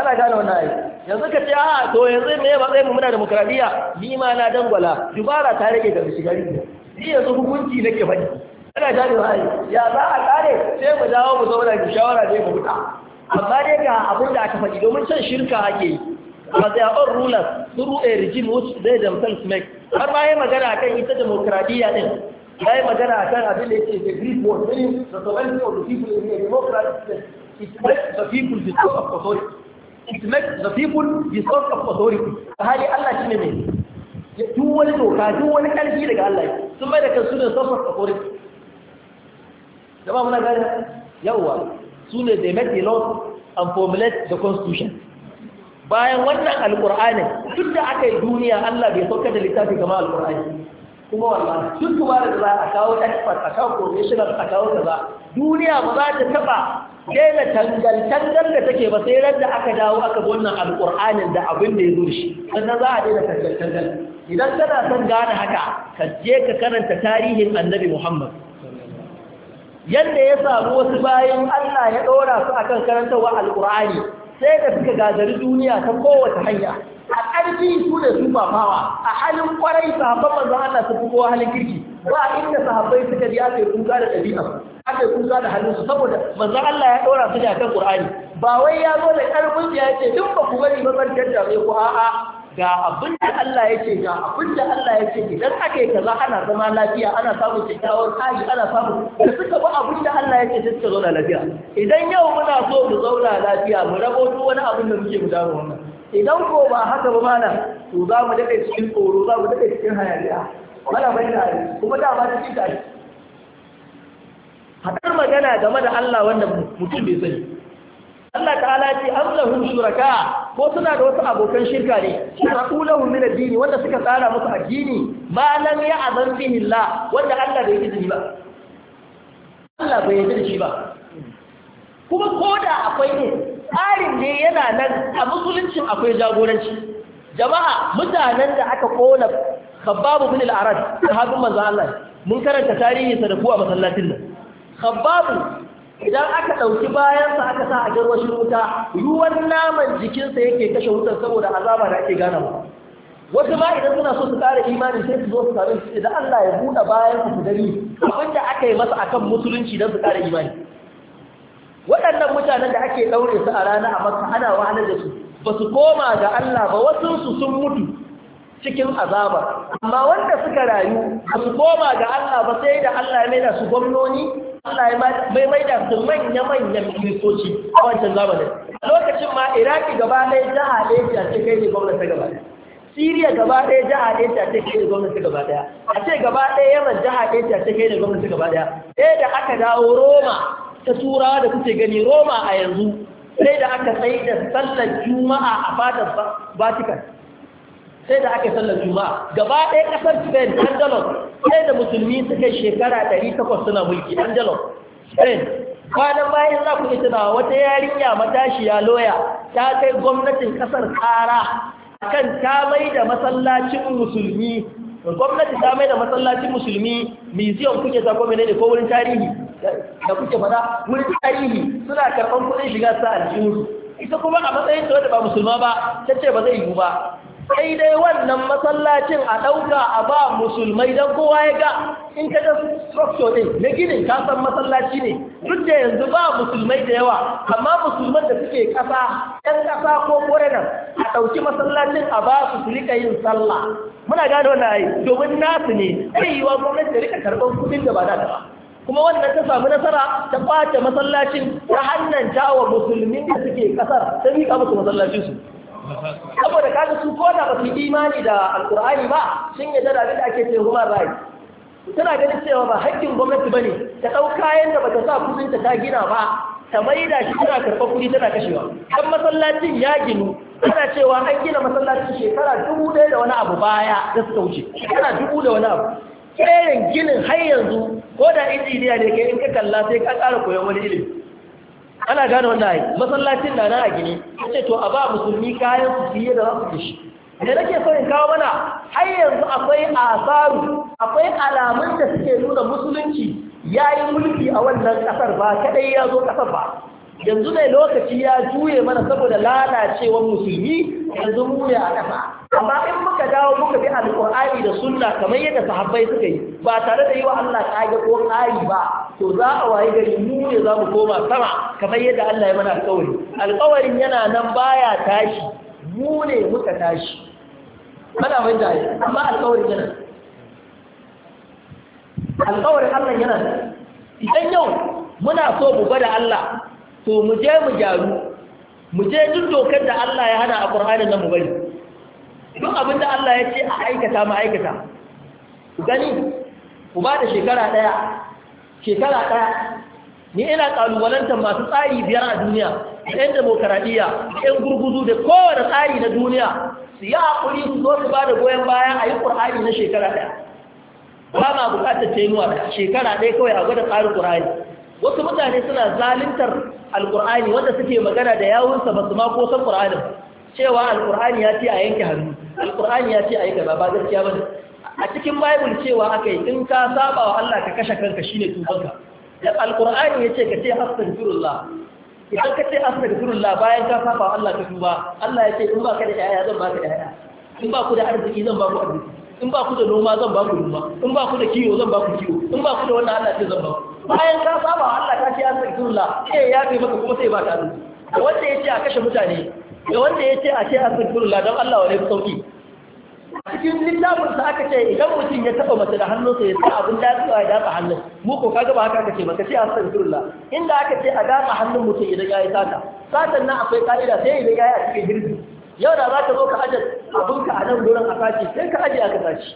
ana gane wannan ayi, yanzu ka ce a'a ah, to yanzu me ba zai mu muna demokradiya ni ma na dangwala dubara ta rage da shigari ni yanzu hukunci ke faɗi ana gane wa ayi, ya za a kare sai mu dawo mu zauna ki shawara dai mu fita amma dai ga abin da aka faɗi domin can shirka ake yi but they are all rulers through a regime which they themselves make har ma yi magana akan ita demokradiya din ya yi magana a kan abin da yake the Greek war meaning the sovereignty of the people in a democratic state it makes the people the source of authority it makes the people the source of authority a hali Allah shi ne mai duk wani doka duk wani ƙarfi daga Allah sun mai da kansu ne source of authority jama'a muna gane yawwa su ne they make the laws and formulate the constitution bayan wannan alƙur'anin duk da aka yi duniya Allah bai sauka da littafi kamar alƙur'ani kuma wallahi duk da za a kawo expert a kawo professional a kawo kaza duniya ba za ta taba daina tangal-tangal da take ba sai ran da aka dawo aka wannan alƙur'anin da abin da ya zo shi sannan za a daina tangal-tangal idan kana son gane haka ka je ka karanta tarihin annabi muhammad yadda ya samu wasu bayan allah ya ɗora su akan karantarwa alƙur'ani sai da suka gagari duniya ta kowace hanya a ƙarfi su da su ba fawa a halin kwarai sahabban manzon Allah su kowa halin kirki ba inda sahabbai suka ji aka yi kuka da ɗabi'a aka kuka da halin su saboda manzon Allah ya ɗora su ne akan Qur'ani ba wai ya zo da ƙarfin ya ce duk ba ku bari ba barkar da ku a'a ga abin da Allah yake ga abin da Allah yake idan aka yi kaza ana zama lafiya ana samun cikawar hali ana samun da suka bi abin da Allah yake ta suka zauna lafiya idan yau muna so mu zauna lafiya mu rabo duk wani abin da muke mu damu wannan idan ko ba haka ba mana to za mu dade cikin tsoro za mu dade cikin hayaniya wala bai da kuma da ba ta cika hadar magana game da Allah wanda mutum bai sani Allah ta'ala ya ce am lahum shuraka ko suna da wasu abokan shirka ne sharatu lahum min ad wanda suka tsara musu addini ma lam ya'zan bihi Allah wanda Allah bai izini ba Allah bai yarda da shi ba kuma koda akwai ne tsarin ne yana nan a musuluncin akwai jagoranci jama'a mutanen da aka kona khabbab ibn al-arad sahabin manzo Allah mun karanta tarihin da ku a masallacin nan khabbab idan aka ɗauki bayansa aka sa a garwashin wuta ruwan naman jikinsa yake kashe wutar saboda azaba da ake gane wasu ma idan suna so su ƙara imani sai su zo su sami su idan Allah ya buɗe bayan su gani abin da aka yi masa akan musulunci don su ƙara imani waɗannan mutanen da ake ɗaure su a rana a maka ana wahalar da su ba su koma ga Allah ba wasu su sun mutu cikin azaba amma wanda suka rayu su koma ga Allah ba sai da Allah ya maida su gwamnoni Allah ya mai maida su manya-manyan kristoci a wancan zamanin lokacin ma iraki gaba ɗaya jiha ɗaya ce kai ne gwamnati gaba ɗaya siriya gaba ɗaya jiha ɗaya ce kai ne gwamnati gaba ɗaya a ce gaba ɗaya yaman jiha ɗaya ce kai ne gwamnati gaba ɗaya ɗaya da aka dawo roma ta turawa da kuke gani roma a yanzu sai da aka tsaye da sallar juma'a a fadar vatican sai da aka sallar juma'a gaba ɗaya ƙasar spain andalus sai da musulmi suka shekara 800 suna mulki andalus spain kwanan bayan za ku tuna wata yarinya matashiya loya ta kai gwamnatin ƙasar Kara kan ta mai da masallacin musulmi gwamnati ta mai da masallacin musulmi museum kuke sa ko ne ko wurin tarihi da kuke fada wurin tarihi suna karɓar kuɗin shiga sa aljihu ita kuma a matsayin da ba musulma ba ta ce ba zai yiwu ba sai dai wannan masallacin a ɗauka a ba musulmai don kowa ya ga in ka ga structure ɗin na ginin kasan masallaci ne duk da yanzu ba musulmai da yawa amma musulman da suke ƙasa ƴan ƙasa ko foreigner a ɗauki masallacin a ba su rika yin sallah muna gane wannan ayi domin nasu ne zai yi wa gwamnati da rika karɓar kuɗin da ba da ba kuma wannan ta samu nasara ta ɓata masallacin ta hannanta wa musulmin da suke ƙasar ta rika musu masallacinsu saboda kaga su ko da ba imani da alkur'ani ba sun yi da da ake ce human rights tana ganin cewa ba haƙƙin gwamnati ba ne ta ɗauka kayan da bata sa kuɗinta ta gina ba ta maida shi tana karɓar kuɗi tana kashewa kan masallacin ya ginu ana cewa an gina masallacin shekara dubu ɗaya da wani abu baya da suka wuce shekara dubu da wani abu tsayin ginin har yanzu ko da injiniya ne kai in ka kalla sai ka ƙara koyon wani ilimi ana gane wannan ai masallacin da na a gine ce to a ba musulmi kayan su fiye da za Me shi da nake so in kawo mana har yanzu akwai asaru akwai alamun da suke nuna musulunci ya yi mulki a wannan kasar ba kadai ya zo kasar ba yanzu ne lokaci ya juye mana saboda lalacewar musulmi yanzu mu ya a amma in muka dawo muka bi alƙur'ani da sunna kamar yadda sahabbai suka yi ba tare da yi wa Allah kage ko ƙari ba to za a wayi gari mu ne za mu koma sama kamar yadda Allah ya mana alƙawari alƙawarin yana nan baya tashi mu ne muka tashi mana mai da amma alƙawarin yana alƙawarin Allah yana idan yau muna so mu bada Allah to mu je mu gyaru mu je duk dokar da Allah ya hana a Qur'anin nan mu bari duk abin da Allah ya ce a aikata mu aikata ku gani ku ba da shekara daya shekara daya ni ina kalubalantar masu tsari biyar a duniya da yan demokaradiyya yan gurguzu da kowane tsari na duniya su yi haƙuri su zo su ba da goyon baya a yi ƙur'ani na shekara ɗaya ba ma buƙatar tenuwa shekara ɗaya kawai a gwada tsarin ƙur'ani wasu mutane suna zalintar alkur'ani wanda suke magana da yawunsa ba su mako ko san qur'anin cewa alkur'ani ya ce a yanke hannu alkur'ani ya ce a yi gaba ba gaskiya bane a cikin bible cewa aka yi, in ka saba wa Allah ka kashe kanka shine tubanka da alkur'ani ya ce ka ce astaghfirullah idan ka ce astaghfirullah bayan ka saba wa Allah ka tuba Allah ya ce in ba ka da yaya zan ba ka yaya in ba ku da arziki zan ba ku arziki in ba ku da noma zan ba ku noma in ba ku da kiwo zan ba ku kiwo in ba ku da wannan Allah ce zan ba ku bayan ka saba Allah ka ce astaghfirullah sai ya yafe maka kuma sai ba ka azumi da wanda ya ce a kashe mutane da wanda ya ce a ce astaghfirullah don Allah wa ne sauki cikin littafin sa aka ce idan mutum ya taba mace da hannunsa ya sa abin da ya dafa hannun mu ko kaga ba haka aka ce maka ce astaghfirullah inda aka ce a dafa hannun mutum idan ya yi sata satan nan akwai ka'ida sai idan ya yi a cikin girbi yau da za ka zo ka ajiye abinka a nan gurin a sace sai ka ajiye aka sace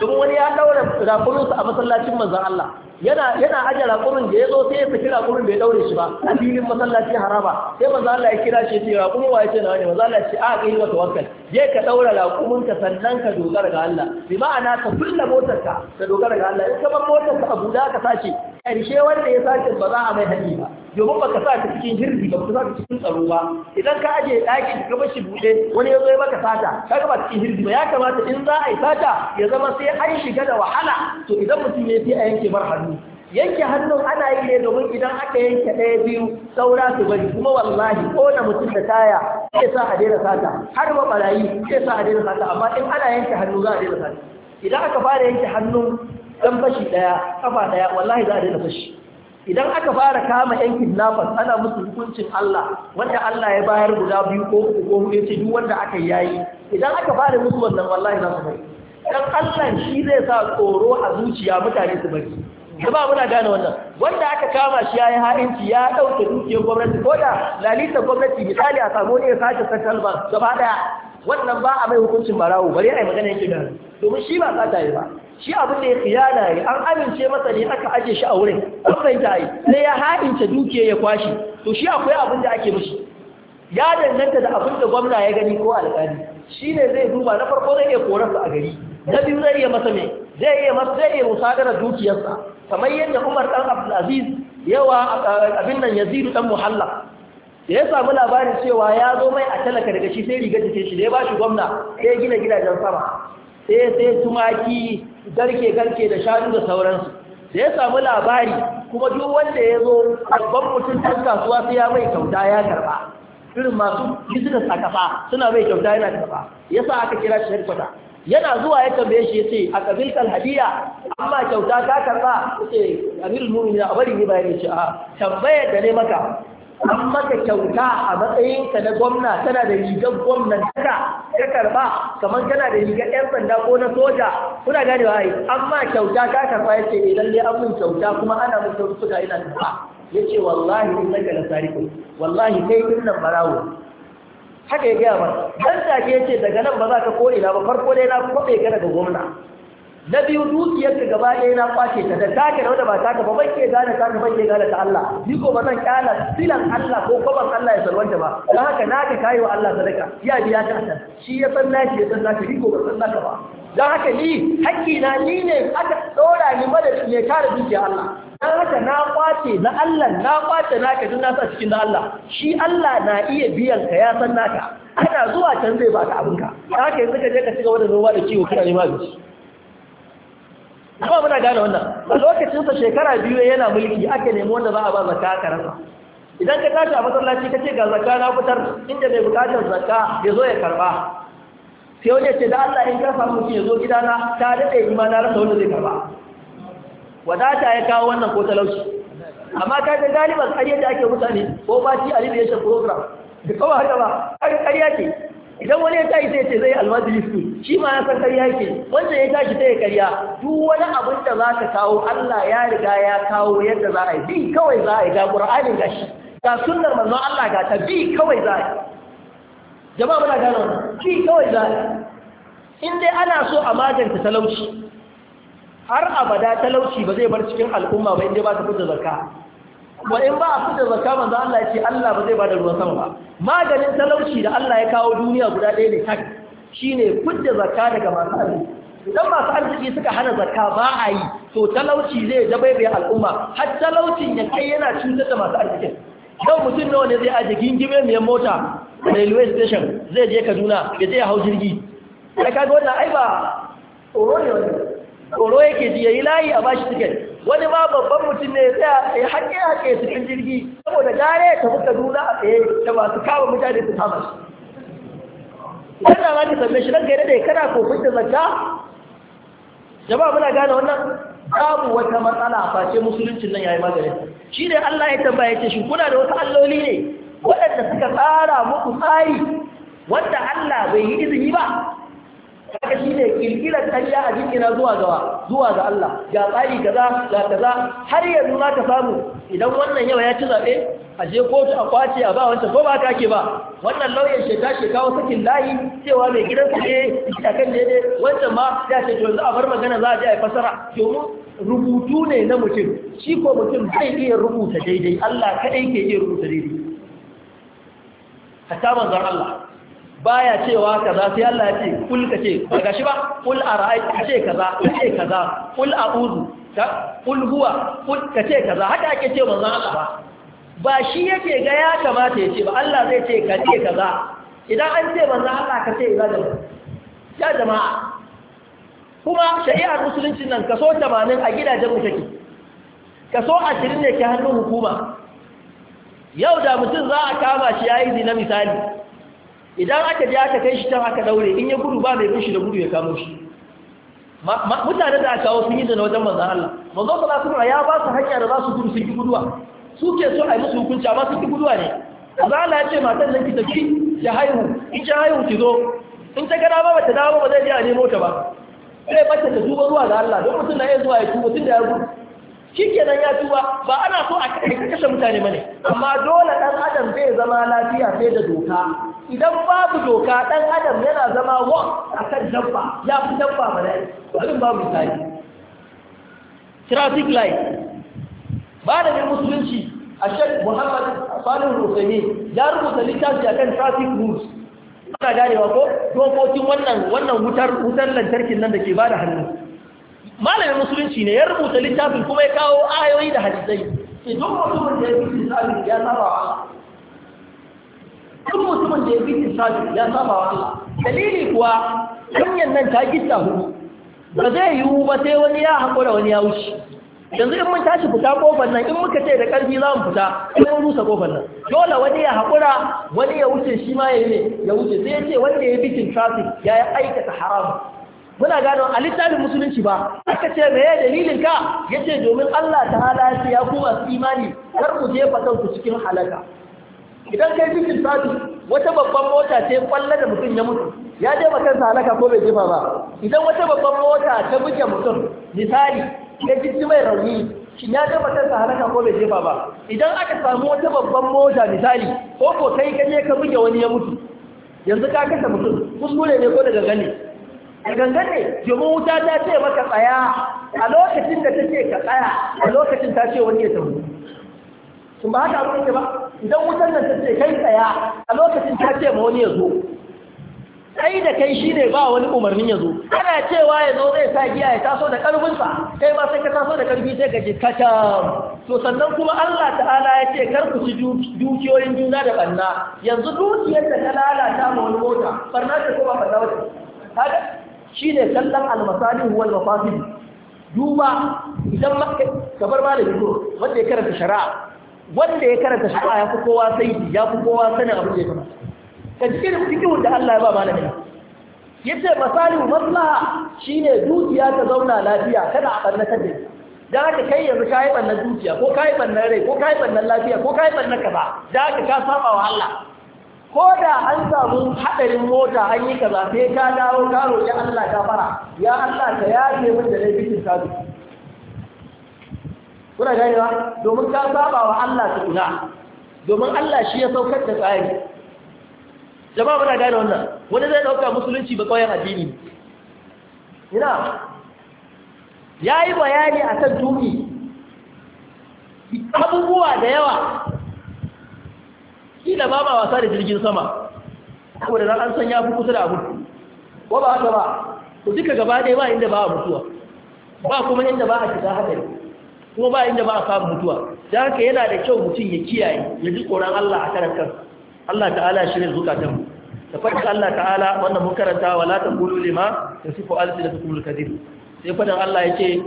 don wani ya daure rakuminsa a masallacin manzan Allah yana yana aje rakumin da ya zo sai ya saki rakumin bai daure shi ba a filin masallaci haraba sai manzan Allah ya kira shi ya ce rakumin wa ya ce na wani manzan Allah ya ce a kai wa tawakkal je ka daura rakumin ka sannan ka dogara ga Allah bi ma'ana ka fulla motarka ka dogara ga Allah in ka bar motar a buda ka sace ƙarshe wanda ya sace ba za a mai haƙi ba domin baka sa ta cikin hirbi ba ka sa ta cikin tsaro ba idan ka aje ɗakin ka bashi buɗe wani ya zo ya maka sata ka ga ba cikin hirbi ba ya kamata in za a yi sata ya zama sai an shiga da wahala to idan mutum ya fi a yanke bar hannu yanke hannun ana yi ne domin idan aka yanke ɗaya biyu saura su bari kuma wallahi kona mutum da taya zai sa a daina sata har ma barayi zai sa a daina sata amma in ana yanke hannu za a daina sata idan aka fara yanke hannun dan fashi daya kafa ɗaya, wallahi za a daina fashi idan aka fara kama yan kidnappers ana musu hukuncin Allah wanda Allah ya bayar guda biyu ko uku ko hudu ce duk wanda aka yayi idan aka fara musu wannan wallahi za su bari dan Allah shi zai sa tsoro a zuciya mutane su bari da ba muna gane wannan wanda aka kama shi yayi ha'inci ya dauke dukiyar gwamnati ko da lalita gwamnati misali a samu ne ya sace central bank gaba daya wannan ba a mai hukuncin barawo bari ai magana yake da domin shi ba sata ba shi abin da ya khiyana ya an amince masa ne aka aje shi a wurin an fahimta yi sai ya haɗinta dukiya ya kwashi to shi akwai abin da ake mishi ya danganta da abin da gwamna ya gani ko alƙali shi ne zai duba na farko zai iya korarsa a gari na biyu zai iya masa mai zai iya masa zai iya musadarar dukiyarsa kamar yadda umar ɗan abdulaziz yawa eh, abin nan yazidu ɗan muhalla da ya samu labarin cewa ya zo mai a talaka daga shi sai riga jikin shi da ya ba shi gwamna sai gina gidajen sama sai sai tumaki garke-garke da shanu da sauransu da ya samu labari kuma duk wanda ya zo babban mutum ɗan kasuwa sai ya mai kyauta ya karɓa irin masu business a kafa suna mai kyauta yana karba ya sa aka kira shi harkwata yana zuwa ya tambaye shi ya ce a kabilkar hadiya amma kyauta ta karba ya ce amirul mu'minin a bari ne bayani ya ce a tambayar da ne maka an maka kyauta a matsayinka na gwamna tana da rigar gwamnan ta? ka karba kamar tana da rigar yan sanda ko na soja kuna ganewa an amma kyauta ka karba yace eh lalle an mun kyauta kuma ana mun kyautuka ina Ya yace wallahi in daga na sariqu wallahi kai in nan barawo haka ya gaya ba, dan take yace daga nan ba za ka kore na ba farko dai na kobe ka daga gwamna na biyu dukiyarka gaba ɗaya na kwace ta da take da wanda ba taka ba bai gane ba ke gane ta Allah ni ko ba zan kyala silan Allah ko kwaban Allah ya salwanta ba don haka naka kayi wa Allah sadaka ya biya ta ta shi ya san nashi ya san naka ni ko ba san naka ba don haka ni hakki na ni ne aka dora ni mada ne kare dukiya Allah don haka na kwace na Allah na kwace naka ka na sa cikin na Allah shi Allah na iya biyan ka ya san naka ana zuwa can zai baka abinka don haka yanzu ka je ka ci wannan ruwa da kiwo kira ne ma bishi kuma muna gane wannan a sa shekara biyu yana mulki ake nemi wanda za a ba zaka aka rasa idan ka tashi a masallaci ka ce ga zaka na fitar inda mai bukatar zaka ya zo ya karba sai wani ce da Allah in ka samu shi ya zo na ta daɗe ima na rasa wanda zai karba wadata ya kawo wannan ko talauci amma ka ga galiban ƙarya da ake mutane ko ba ci alibi ya program da kawai haka ba ƙarya ce idan wani ya tashi sai ce zai almajlisu shi ma ya san karya yake wanda ya tashi sai ya karya duk wani abin da za ka kawo Allah ya riga ya kawo yadda za a yi bi kawai za a yi ga Qur'anin gashi ga sunnar manzon Allah ga ta bi kawai za a yi jama'a muna gano bi kawai za a yi in dai ana so a magance talauci har abada talauci ba zai bar cikin al'umma ba in dai ba ta fita zakka wa in ba a fita zakka manzo Allah ya ce Allah ba zai bada ruwan sama ba maganin talauci da Allah ya kawo duniya guda ɗaya ne tak shine fita zakka daga masu arziki idan masu arziki suka hana zakka ba a yi to talauci zai dabaibaye al'umma har talaucin ya kai yana cutar da masu arziki yau mutum nawa ne zai aje gingime mai mota railway station zai je Kaduna ya je ya hau jirgi da kaga wannan ai ba tsoro ne wannan tsoro yake ji yayi layi a bashi tiket. wani ma babban mutum ne zai ya hake su ɗin jirgi saboda gane ta tafi duna, a tsaye da masu kama mutane su kama shi idan na za ka shi nan gaida da kana kofin da zakka Jam'a muna gane wannan babu wata matsala face musuluncin nan yayi magani shi ne Allah ya tambaya ce shi kuna da wasu alloli ne waɗanda suka tsara muku tsari wanda Allah bai yi izini ba haka shi ne ƙirƙirar ƙarya a jikina zuwa gawa zuwa ga Allah ga tsari kaza ga kaza har yanzu za ka samu idan wannan yawa ya ci zaɓe a je kotu a kwace a ba wancan ko ba ka ke ba wannan lauyan sheta shi kawo sakin layi cewa mai gidan su ne a kan daidai wancan ma ya ce to yanzu a bar magana za a je a yi fasara domin rubutu ne na mutum shi ko mutum zai iya rubuta daidai Allah kaɗai ke iya rubuta daidai hatta manzon Allah Ba baya cewa kaza sai Allah ya ce kul ba ga shi ba kul arai kace kaza kace kaza kul a'udhu kul huwa kul kace kaza haka ake ce manzon Allah ba ba shi yake ga ya kamata ya ce ba Allah zai ce kace kaza idan an ce manzon Allah ka ce kace ibada ya jama'a kuma shari'ar musulunci nan kaso 80 a gidajen mu take kaso 20 ne ke hannun hukuma yau da mutum za a kama shi yayi zina misali idan aka je aka kai shi can aka daure in ya gudu ba mai bin shi da gudu ya kamo shi mutane da aka kawo sun yi da wajen manzan Allah manzan Allah sun ya ba su hanya da za su gudu sun ki guduwa su ke so a yi musu hukunci amma sun ki guduwa ne za Allah ya ce matan nan ki tafi ya haihu in ki haihu ki zo in ta gada ba ba ta dawo ba zai je a nemo ta ba sai bata ta tuba zuwa ga Allah don mutum na iya zuwa ya tuba tun da ya gudu shi kenan ya tuba ba ana so a kashe mutane ba ne amma dole ɗan adam zai zama lafiya sai da doka idan babu doka ɗan adam yana zama wa? a kan dabba ya fi dabba ba dai bari ba misali traffic light ba da musulunci a shek muhammad Salihu rusani ya rubuta littafi akan traffic rules ana ganewa ko dokokin wannan wannan wutar wutar lantarkin nan da ke ba da hannu malamin musulunci ne ya rubuta littafin kuma ya kawo ayoyi da hadisai sai duk mutumin da ya fi tisabi ya saba wa Allah duk mutumin da ya fi tisabi ya saba wa Allah dalili kuwa hanyar nan ta gista hudu ba zai yiwu ba sai wani ya haƙura wani ya wuce yanzu in mun tashi fita kofar nan in muka ce da ƙarfi za mu fita in mun rusa kofar nan dole wani ya haƙura wani ya wuce shi ma ya yi ya wuce sai ya ce wanda ya bikin traffic ya yi aikata haram muna gano a littafin musulunci ba aka ce meye dalilin ka ce domin Allah ta'ala ya ce ya ku masu imani kar ku jefa kanku cikin halaka idan kai bikin sati wata babban mota ce kwallo da mutum ya mutu ya jefa kansa halaka ko bai jefa ba idan wata babban mota ta buge mutum misali ya jiji mai rauni shin ya jefa kansa halaka ko bai jefa ba idan aka samu wata babban mota misali ko ko kai ka je ka buge wani ya mutu yanzu ka kashe mutum kuskure ne ko daga gani a gangan ne wuta ta ce maka tsaya a lokacin da ta ce ka tsaya a lokacin ta ce wani ya tafi sun ba haka abin ke ba idan wutan nan ta ce kai tsaya a lokacin ta ce ma wani ya zo kai da kai shi ne ba wani umarnin ya zo ana cewa ya zo zai sa giya ya taso da ƙarfinsa kai ma sai ka taso da ƙarfi sai ka ji kaca to sannan kuma Allah ta'ala ya ce kar ku ci dukiyoyin juna da banna yanzu dukiyar da ta lalata ma wani mota barna ta kuma ba barna wata shine kallon almasalih wal mafasid duba idan maka kabar malami ko wanda ya karanta shara'a, wanda ya karanta shara'a ya fi kowa sai ya fi kowa sanin abin da ya kamata ka ji irin fikihun da Allah ya ba malami yace masalih maslaha shine dukiya ta zauna lafiya kada a barnatar da ita da haka kai yanzu kayi bannan dukiya ko kai bannan rai ko kayi bannan lafiya ko kai bannan kaza da haka ka saba wa Allah ko da an samu haɗarin mota an yi kaza sai ka dawo ka roƙi Allah ta fara ya Allah ka yaje min da laifin ta Kuna gani ba domin ka saba wa Allah ta tukuna domin Allah shi ya saukar da tsari jama'a muna gane wannan wani zai ɗauka musulunci ba kawai addini ina ya yi bayani akan kan tuki abubuwa da yawa kila ba ba wasa da jirgin sama saboda na an san ya fi kusa da abu ko ba haka ba to duka gaba ɗaya ba inda ba a mutuwa ba kuma inda ba a shiga haɗari. kuma ba inda ba a samu mutuwa da haka yana da kyau mutum ya kiyaye ya ji tsoron Allah a karan kansa Allah ta'ala Ya shi zukatan mu. da fadin Allah ta'ala wannan mun karanta wa la taqulu lima tasifu alsinatukum al-kadhib sai fadin Allah yake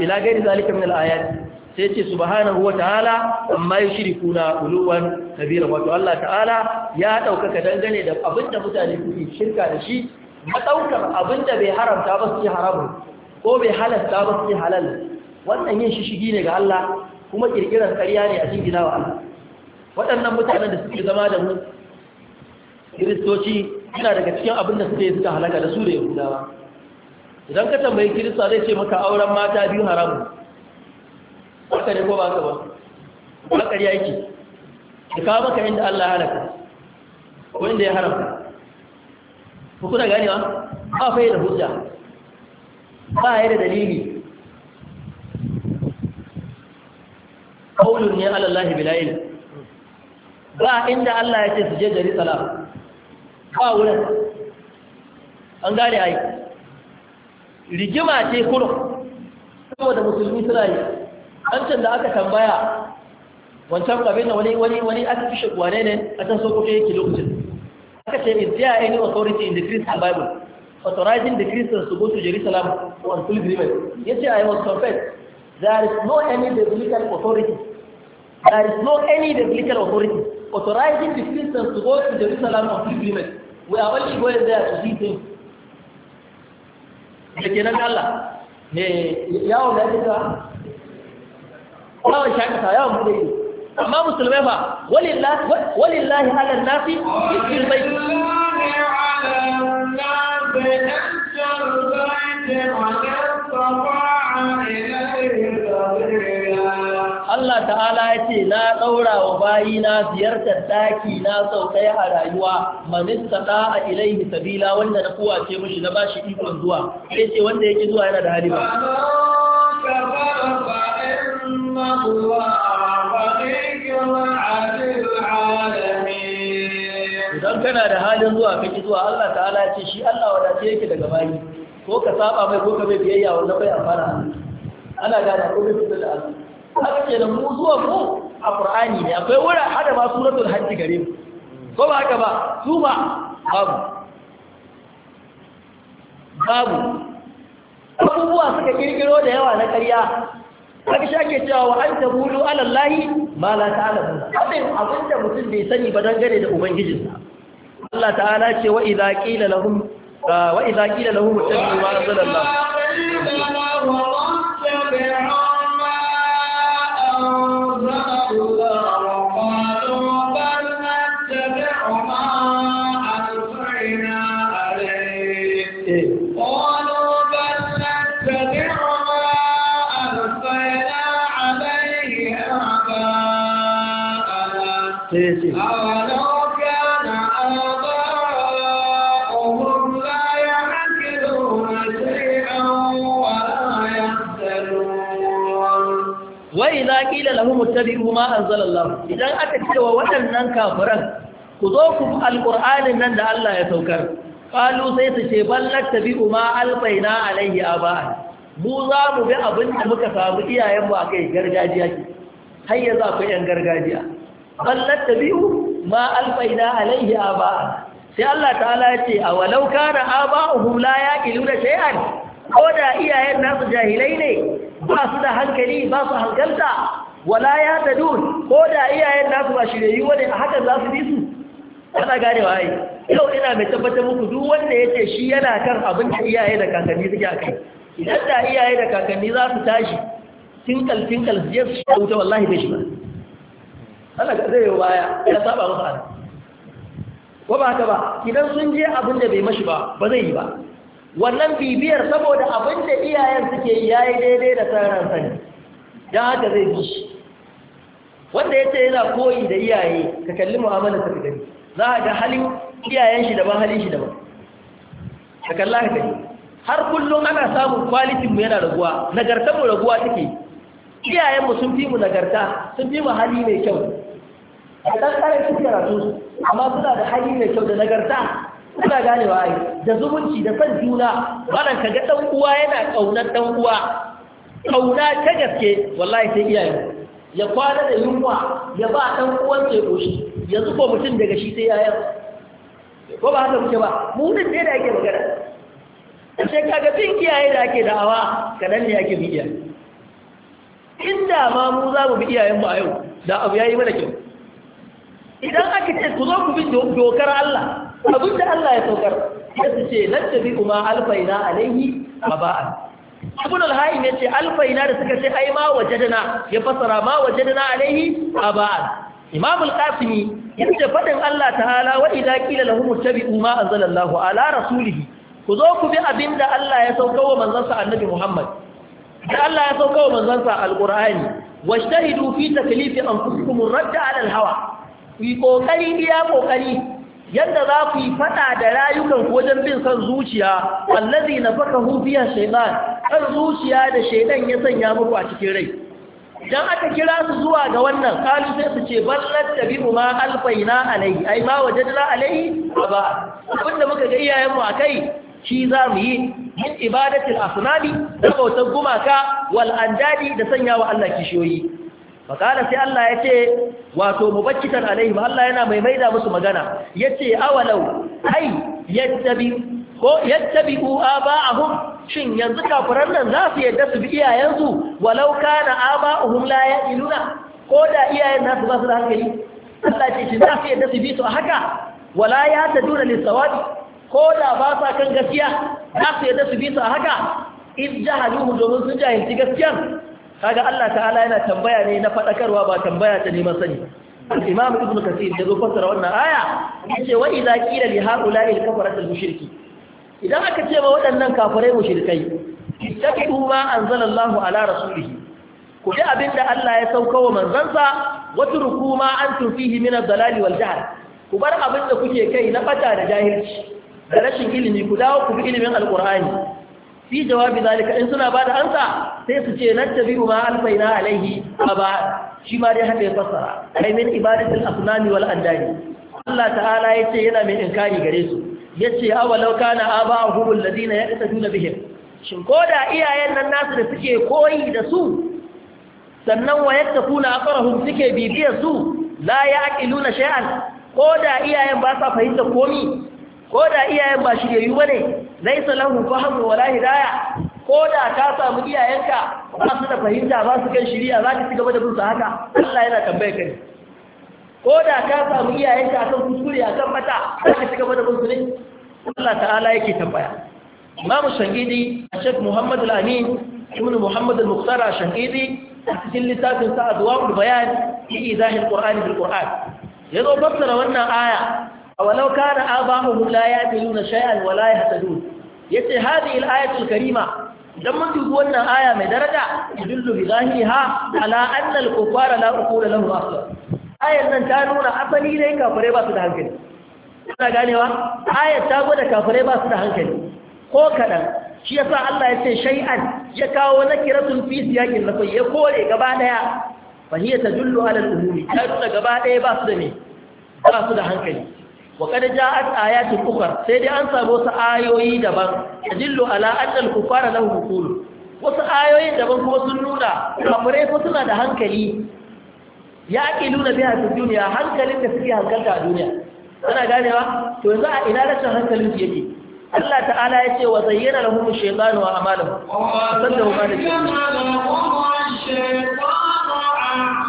ila gairi zalika min al-ayat sai ce subhanahu wa ta'ala amma yushrikuna uluwan kabira wato Allah ta'ala ya daukaka dangane da abinda mutane suke shirka da shi madaukar abinda bai haramta ba su haramu ko bai halasta ba su halal wannan yin shishigi ne ga Allah kuma kirkirar ƙarya ne a cikin gida wa Allah waɗannan mutanen da suke zama da mu kiristoci suna daga cikin abin da suke yi suka halaka da su da yahudawa idan ka tambayi kirista zai ce maka auren mata biyu haramu haka ne ko ba haka ba ba ƙarya yake da kawo maka inda Allah ya halaka ko inda ya haramta ku kuna ganewa ba fa da hujja ba ya da dalili kaulun ne ala Allah bila ilm ba inda Allah ya ce su je gari salam ba wurin an gane ai rigima ce kurum saboda musulmi suna yi can da aka tambaya wancan abin da wani wani wani aka fi shakwa ne ne a can kuke yake lokacin aka ce is there any authority in the christian bible authorizing the christians to go to jerusalem agreement ya yace i was confessed there is no any biblical authority there is no any biblical authority authorizing the christians to go to jerusalem on agreement we are only going there to see things da kenan Allah ne yawo da ake yawon shakata yawan bude ido amma musulmai ba walillahi ala nasi cikin bai Allah ta'ala ya ce na ɗaura wa bayi na ziyartar ɗaki na sau a rayuwa manista ɗa a ilaihi sabila wanda na kowace mashi na ba shi ikon zuwa ya ce wanda yake zuwa yana da hali ba. Idan kana da halin zuwa kake zuwa Allah ta'ala ce shi Allah wadace yake daga bayi ko ka saba mai ko ka mai biyayya wanda bai amfana ana gada ko bai fita da Allah haka ke da mu zuwa mu a Qur'ani ne akwai wura hada ba suratul hajj gare mu ko ba haka ba su ba babu babu abubuwa suka kirkiro da yawa na ƙarya haka shi ake cewa wa an tabulu ala Allahi ma la ta'lamu abin abin da mutum bai sani ba dangane da ubangijinsa Allah ta'ala ce wa idza qila lahum ah, wa idza qila lahum tabi'u ma anzalallah wa qila lahum ma anzala Allah idan aka cewa waɗannan kafiran ku zo ku alqur'anin nan da Allah ya saukar qalu sai su ce bal ma albayna alayhi aba mu za mu bi abin da muka samu iyayen mu akai gargajiya ki har yanzu akwai yan gargajiya bal ma albayna alayhi aba sai Allah ta'ala ya ce a walau kana aba'uhum la yaqiluna shay'an ko da iyayen nasu jahilai ne ba su da hankali ba su hankalta wala ya tadun ko da iyayen nasu ba shirye wani a hakan za su bi su gane wa ai yau ina mai tabbatar muku duk wanda yace shi yana kan abin da iyaye da kakanni suke a kai. idan da iyaye da kakanni za su tashi tinkal tinkal su je su wuta wallahi bai shi ba Allah ka zai baya ya saba musu ana ko ba haka ba idan sun je abin da bai mashi ba ba zai yi ba wannan bibiyar saboda abin da iyayen suke yayi daidai da tsarin sani don haka zai bi shi wanda ya ce yana koyi da iyaye ka kalli mu'amalar ta gani za a ga halin iyayen shi daban halin shi daban ka kalla ka gani har kullum ana samun kwalitin mu yana raguwa nagarta mu raguwa take iyayen mu sun fi mu nagarta sun fi mu hali mai kyau a ɗan ƙarar su karatu amma suna da hali mai kyau da nagarta kuna wa ai da zumunci da san juna wannan kaga dan uwa yana kaunar dan uwa kauna ta gaske wallahi sai iyaye ya kwana da yunwa ya ba dan uwan sai goshi yanzu ko mutum daga shi sai yayar ko ba haka muke ba mu ne da yake magana sai kaga bin iyaye da ake da'awa kadan ne yake bidiya inda ma mu za mu bi iyayenmu a yau da abu yayi mana kyau idan aka ce ku zo ku bi dokar Allah abin da Allah ya saukar ya su ce lantabi kuma alfaina a alaihi ba'an." ibn al ya ce, alfaina da suka ce ai ma wajadana ya fasara ma wajadana a ba'an." imam al-qasimi yace fadin Allah ta hala, wa idza qila lahum ittabi'u ma anzalallahu ala rasulihi ku zo ku bi abin da Allah ya saukar wa manzansa annabi Muhammad da Allah ya saukar wa manzansa al-qur'ani washtahidu fi taklifi anfusikum ar-radd ala al-hawa ku kokari biya kokari yadda za ku yi faɗa da rayukan wajen bin san zuciya wallazi na faka hufiyar shaitan kan zuciya da shaitan ya sanya muku a cikin rai Don aka kira su zuwa ga wannan kalu sai su ce ballat tabi'u ma alfaina alai ai ma wajadna alai ba abinda muka ga iyayen mu kai? shi za mu yi min ibadatin asnami da bautar gumaka wal da sanya wa Allah kishiyoyi faƙala sai Allah ya ce wato mubakitan alaihim Allah yana mai maida musu magana ya ce awalau ai yadda bi yattabi ba a aba'ahum shin yanzu kafiran nan za su yadda su bi iyayensu walau a aba'uhum la ya'iluna ko da iyayen nasu ba su da hankali Allah ce shin za su yadda su bi su a haka wala ya ta duna lisawabi ko da ba sa kan gaskiya za su yadda su bi su a haka in jahaluhu domin sun jahilci gaskiyar kaga Allah ta'ala yana tambaya ne na fadakarwa ba tambaya ta neman sani al-imam ibnu kasir ya zo fassara wannan aya yace wa idza qila li haula'i al mushriki idan aka ce ma waɗannan kafirai mushrikai ittaqidu ma anzalallahu ala rasulihi ku ji abinda Allah ya sauka wa manzansa watruku ma antum fihi min ad wal jahl ku bar abinda kuke kai na bata da jahilci da rashin ilimi ku dawo ku bi ilimin alqur'ani fi jawabi zalika in suna bada ansa sai su ce nattabi ma alfaina alaihi aba shi ma dai haka ya fassara ai min ibadatul asnami wal andani Allah ta'ala yace yana mai inkari gare su yace law kana aba'uhum alladhina yaqtaduna bihim shin koda iyayen nan nasu da suke koyi da su sannan wa kuna aqrahum suke bibiyar su la ya'qiluna shay'an koda iyayen ba sa fahimta komi ko da iyayen ba shiryayyu ba ne laisa lahu fahmu wala hidaya ko da ka samu iyayenka ba su da fahimta ba su kan shiriya za ka ci gaba da bin su haka Allah yana tambaye ka ne ko da ka samu iyayenka akan kuskure akan mata za ka ci gaba da bin su ne Allah ta'ala yake tambaya Imam Shangidi Sheikh Muhammad Al-Amin Ibn Muhammad Al-Muqtar Shangidi cikin littafin sa Adwaul Bayan fi Izahil Qur'an bil Qur'an yazo fassara wannan aya awalau kana aba'uhum la yaqiluna shay'an wa la yahtadun yace hadhihi al-ayatul karima dan mun dubi wannan aya mai daraja yadullu bi zahiriha ala anna al-kuffara la uqula lahum aslan ayar nan ta nuna asali ne kafirai ba su da hankali kuna ganewa ayar ta gwada kafirai ba su da hankali ko kadan shi yasa Allah ya ce shay'an ya kawo nakiratul fi siyaqin nafai ya kore gaba daya fa hiya tadullu ala al-umumi ta nuna gaba daya ba su da ne ba su da hankali وقد جاءت آيات أخرى سيدي أنسى موسى آيوي دبان تدل على أن الكفار له بطول wasu ayoyin daban kuma sun nuna kafirai ko suna da hankali ya ake nuna biya su duniya hankalin da suke hankalta a duniya ana ganewa to yanzu a ina rashin hankalin su yake Allah ta'ala ya ce wa zayyana lahum shaytanu wa amalahu sallahu alaihi wa sallam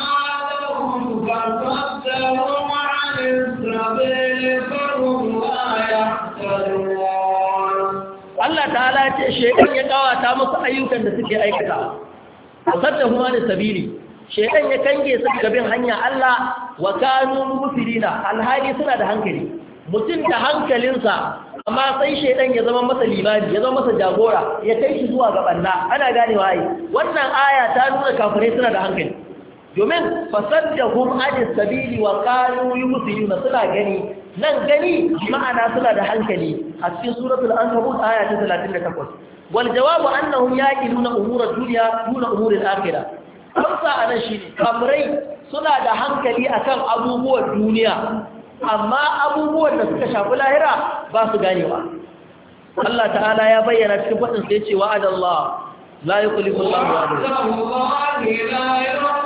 ta'ala ce shekan ya kawata musu ayyukan da suke aikata da kuma da sabili shekan ya kange su bin hanya Allah wa kanu Musulina alhali suna da hankali mutum da hankalinsa amma sai shekan ya zama masa limani ya zama masa jagora ya kai shi zuwa ga banna ana ganewa ai wannan aya ta nuna kafirai suna da hankali domin fasaddahum adis sabili wa qalu yusiyuna suna gani nan gani ma'ana suna da hankali a cikin suratul ankabut aya ta 38 wal jawabu annahum yaqiluna umura dunya duna umuri al-akhirah amsa shi kamrai suna da hankali akan abubuwan duniya amma abubuwan da suka shafi lahira ba su ganewa Allah ta'ala ya bayyana cikin faɗin sai ce wa'adallahu la yukhlifu Allahu wa'adahu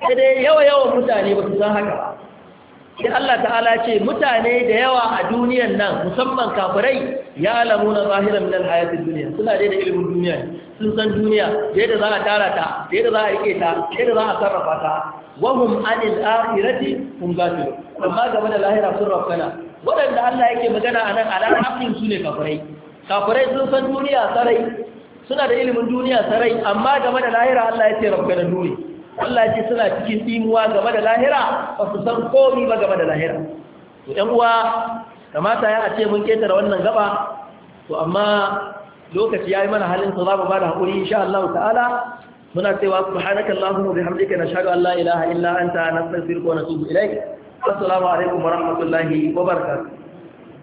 sai yawa yawan mutane ba su san haka ba sai Allah ta'ala ce mutane da yawa a duniyan nan musamman kafirai ya alamu na zahiran a alhayatin duniya suna dai da ilimin duniya sun san duniya da yadda za a tara ta da yadda za a rike ta da yadda za a sarrafa ta wahum anil akhirati hum ghafilun amma game da lahira sun rafana waɗanda Allah yake magana a nan ala hafin su ne kafirai kafirai sun san duniya sarai suna da ilimin duniya sarai amma game da lahira Allah ya ce rafkana duniya Allah ce suna cikin imuwa game da lahira ba su san komi ba game da lahira to ɗan uwa kamata ya ce mun ƙetare wannan gaba to amma lokaci yayi mana halin sa mu bada hakuri insha Allah ta'ala muna cewa subhanaka allahumma bihamdika nashhadu an la ilaha illa anta nastaghfiruka wa natubu ilaik assalamu alaikum wa rahmatullahi wa barakatuh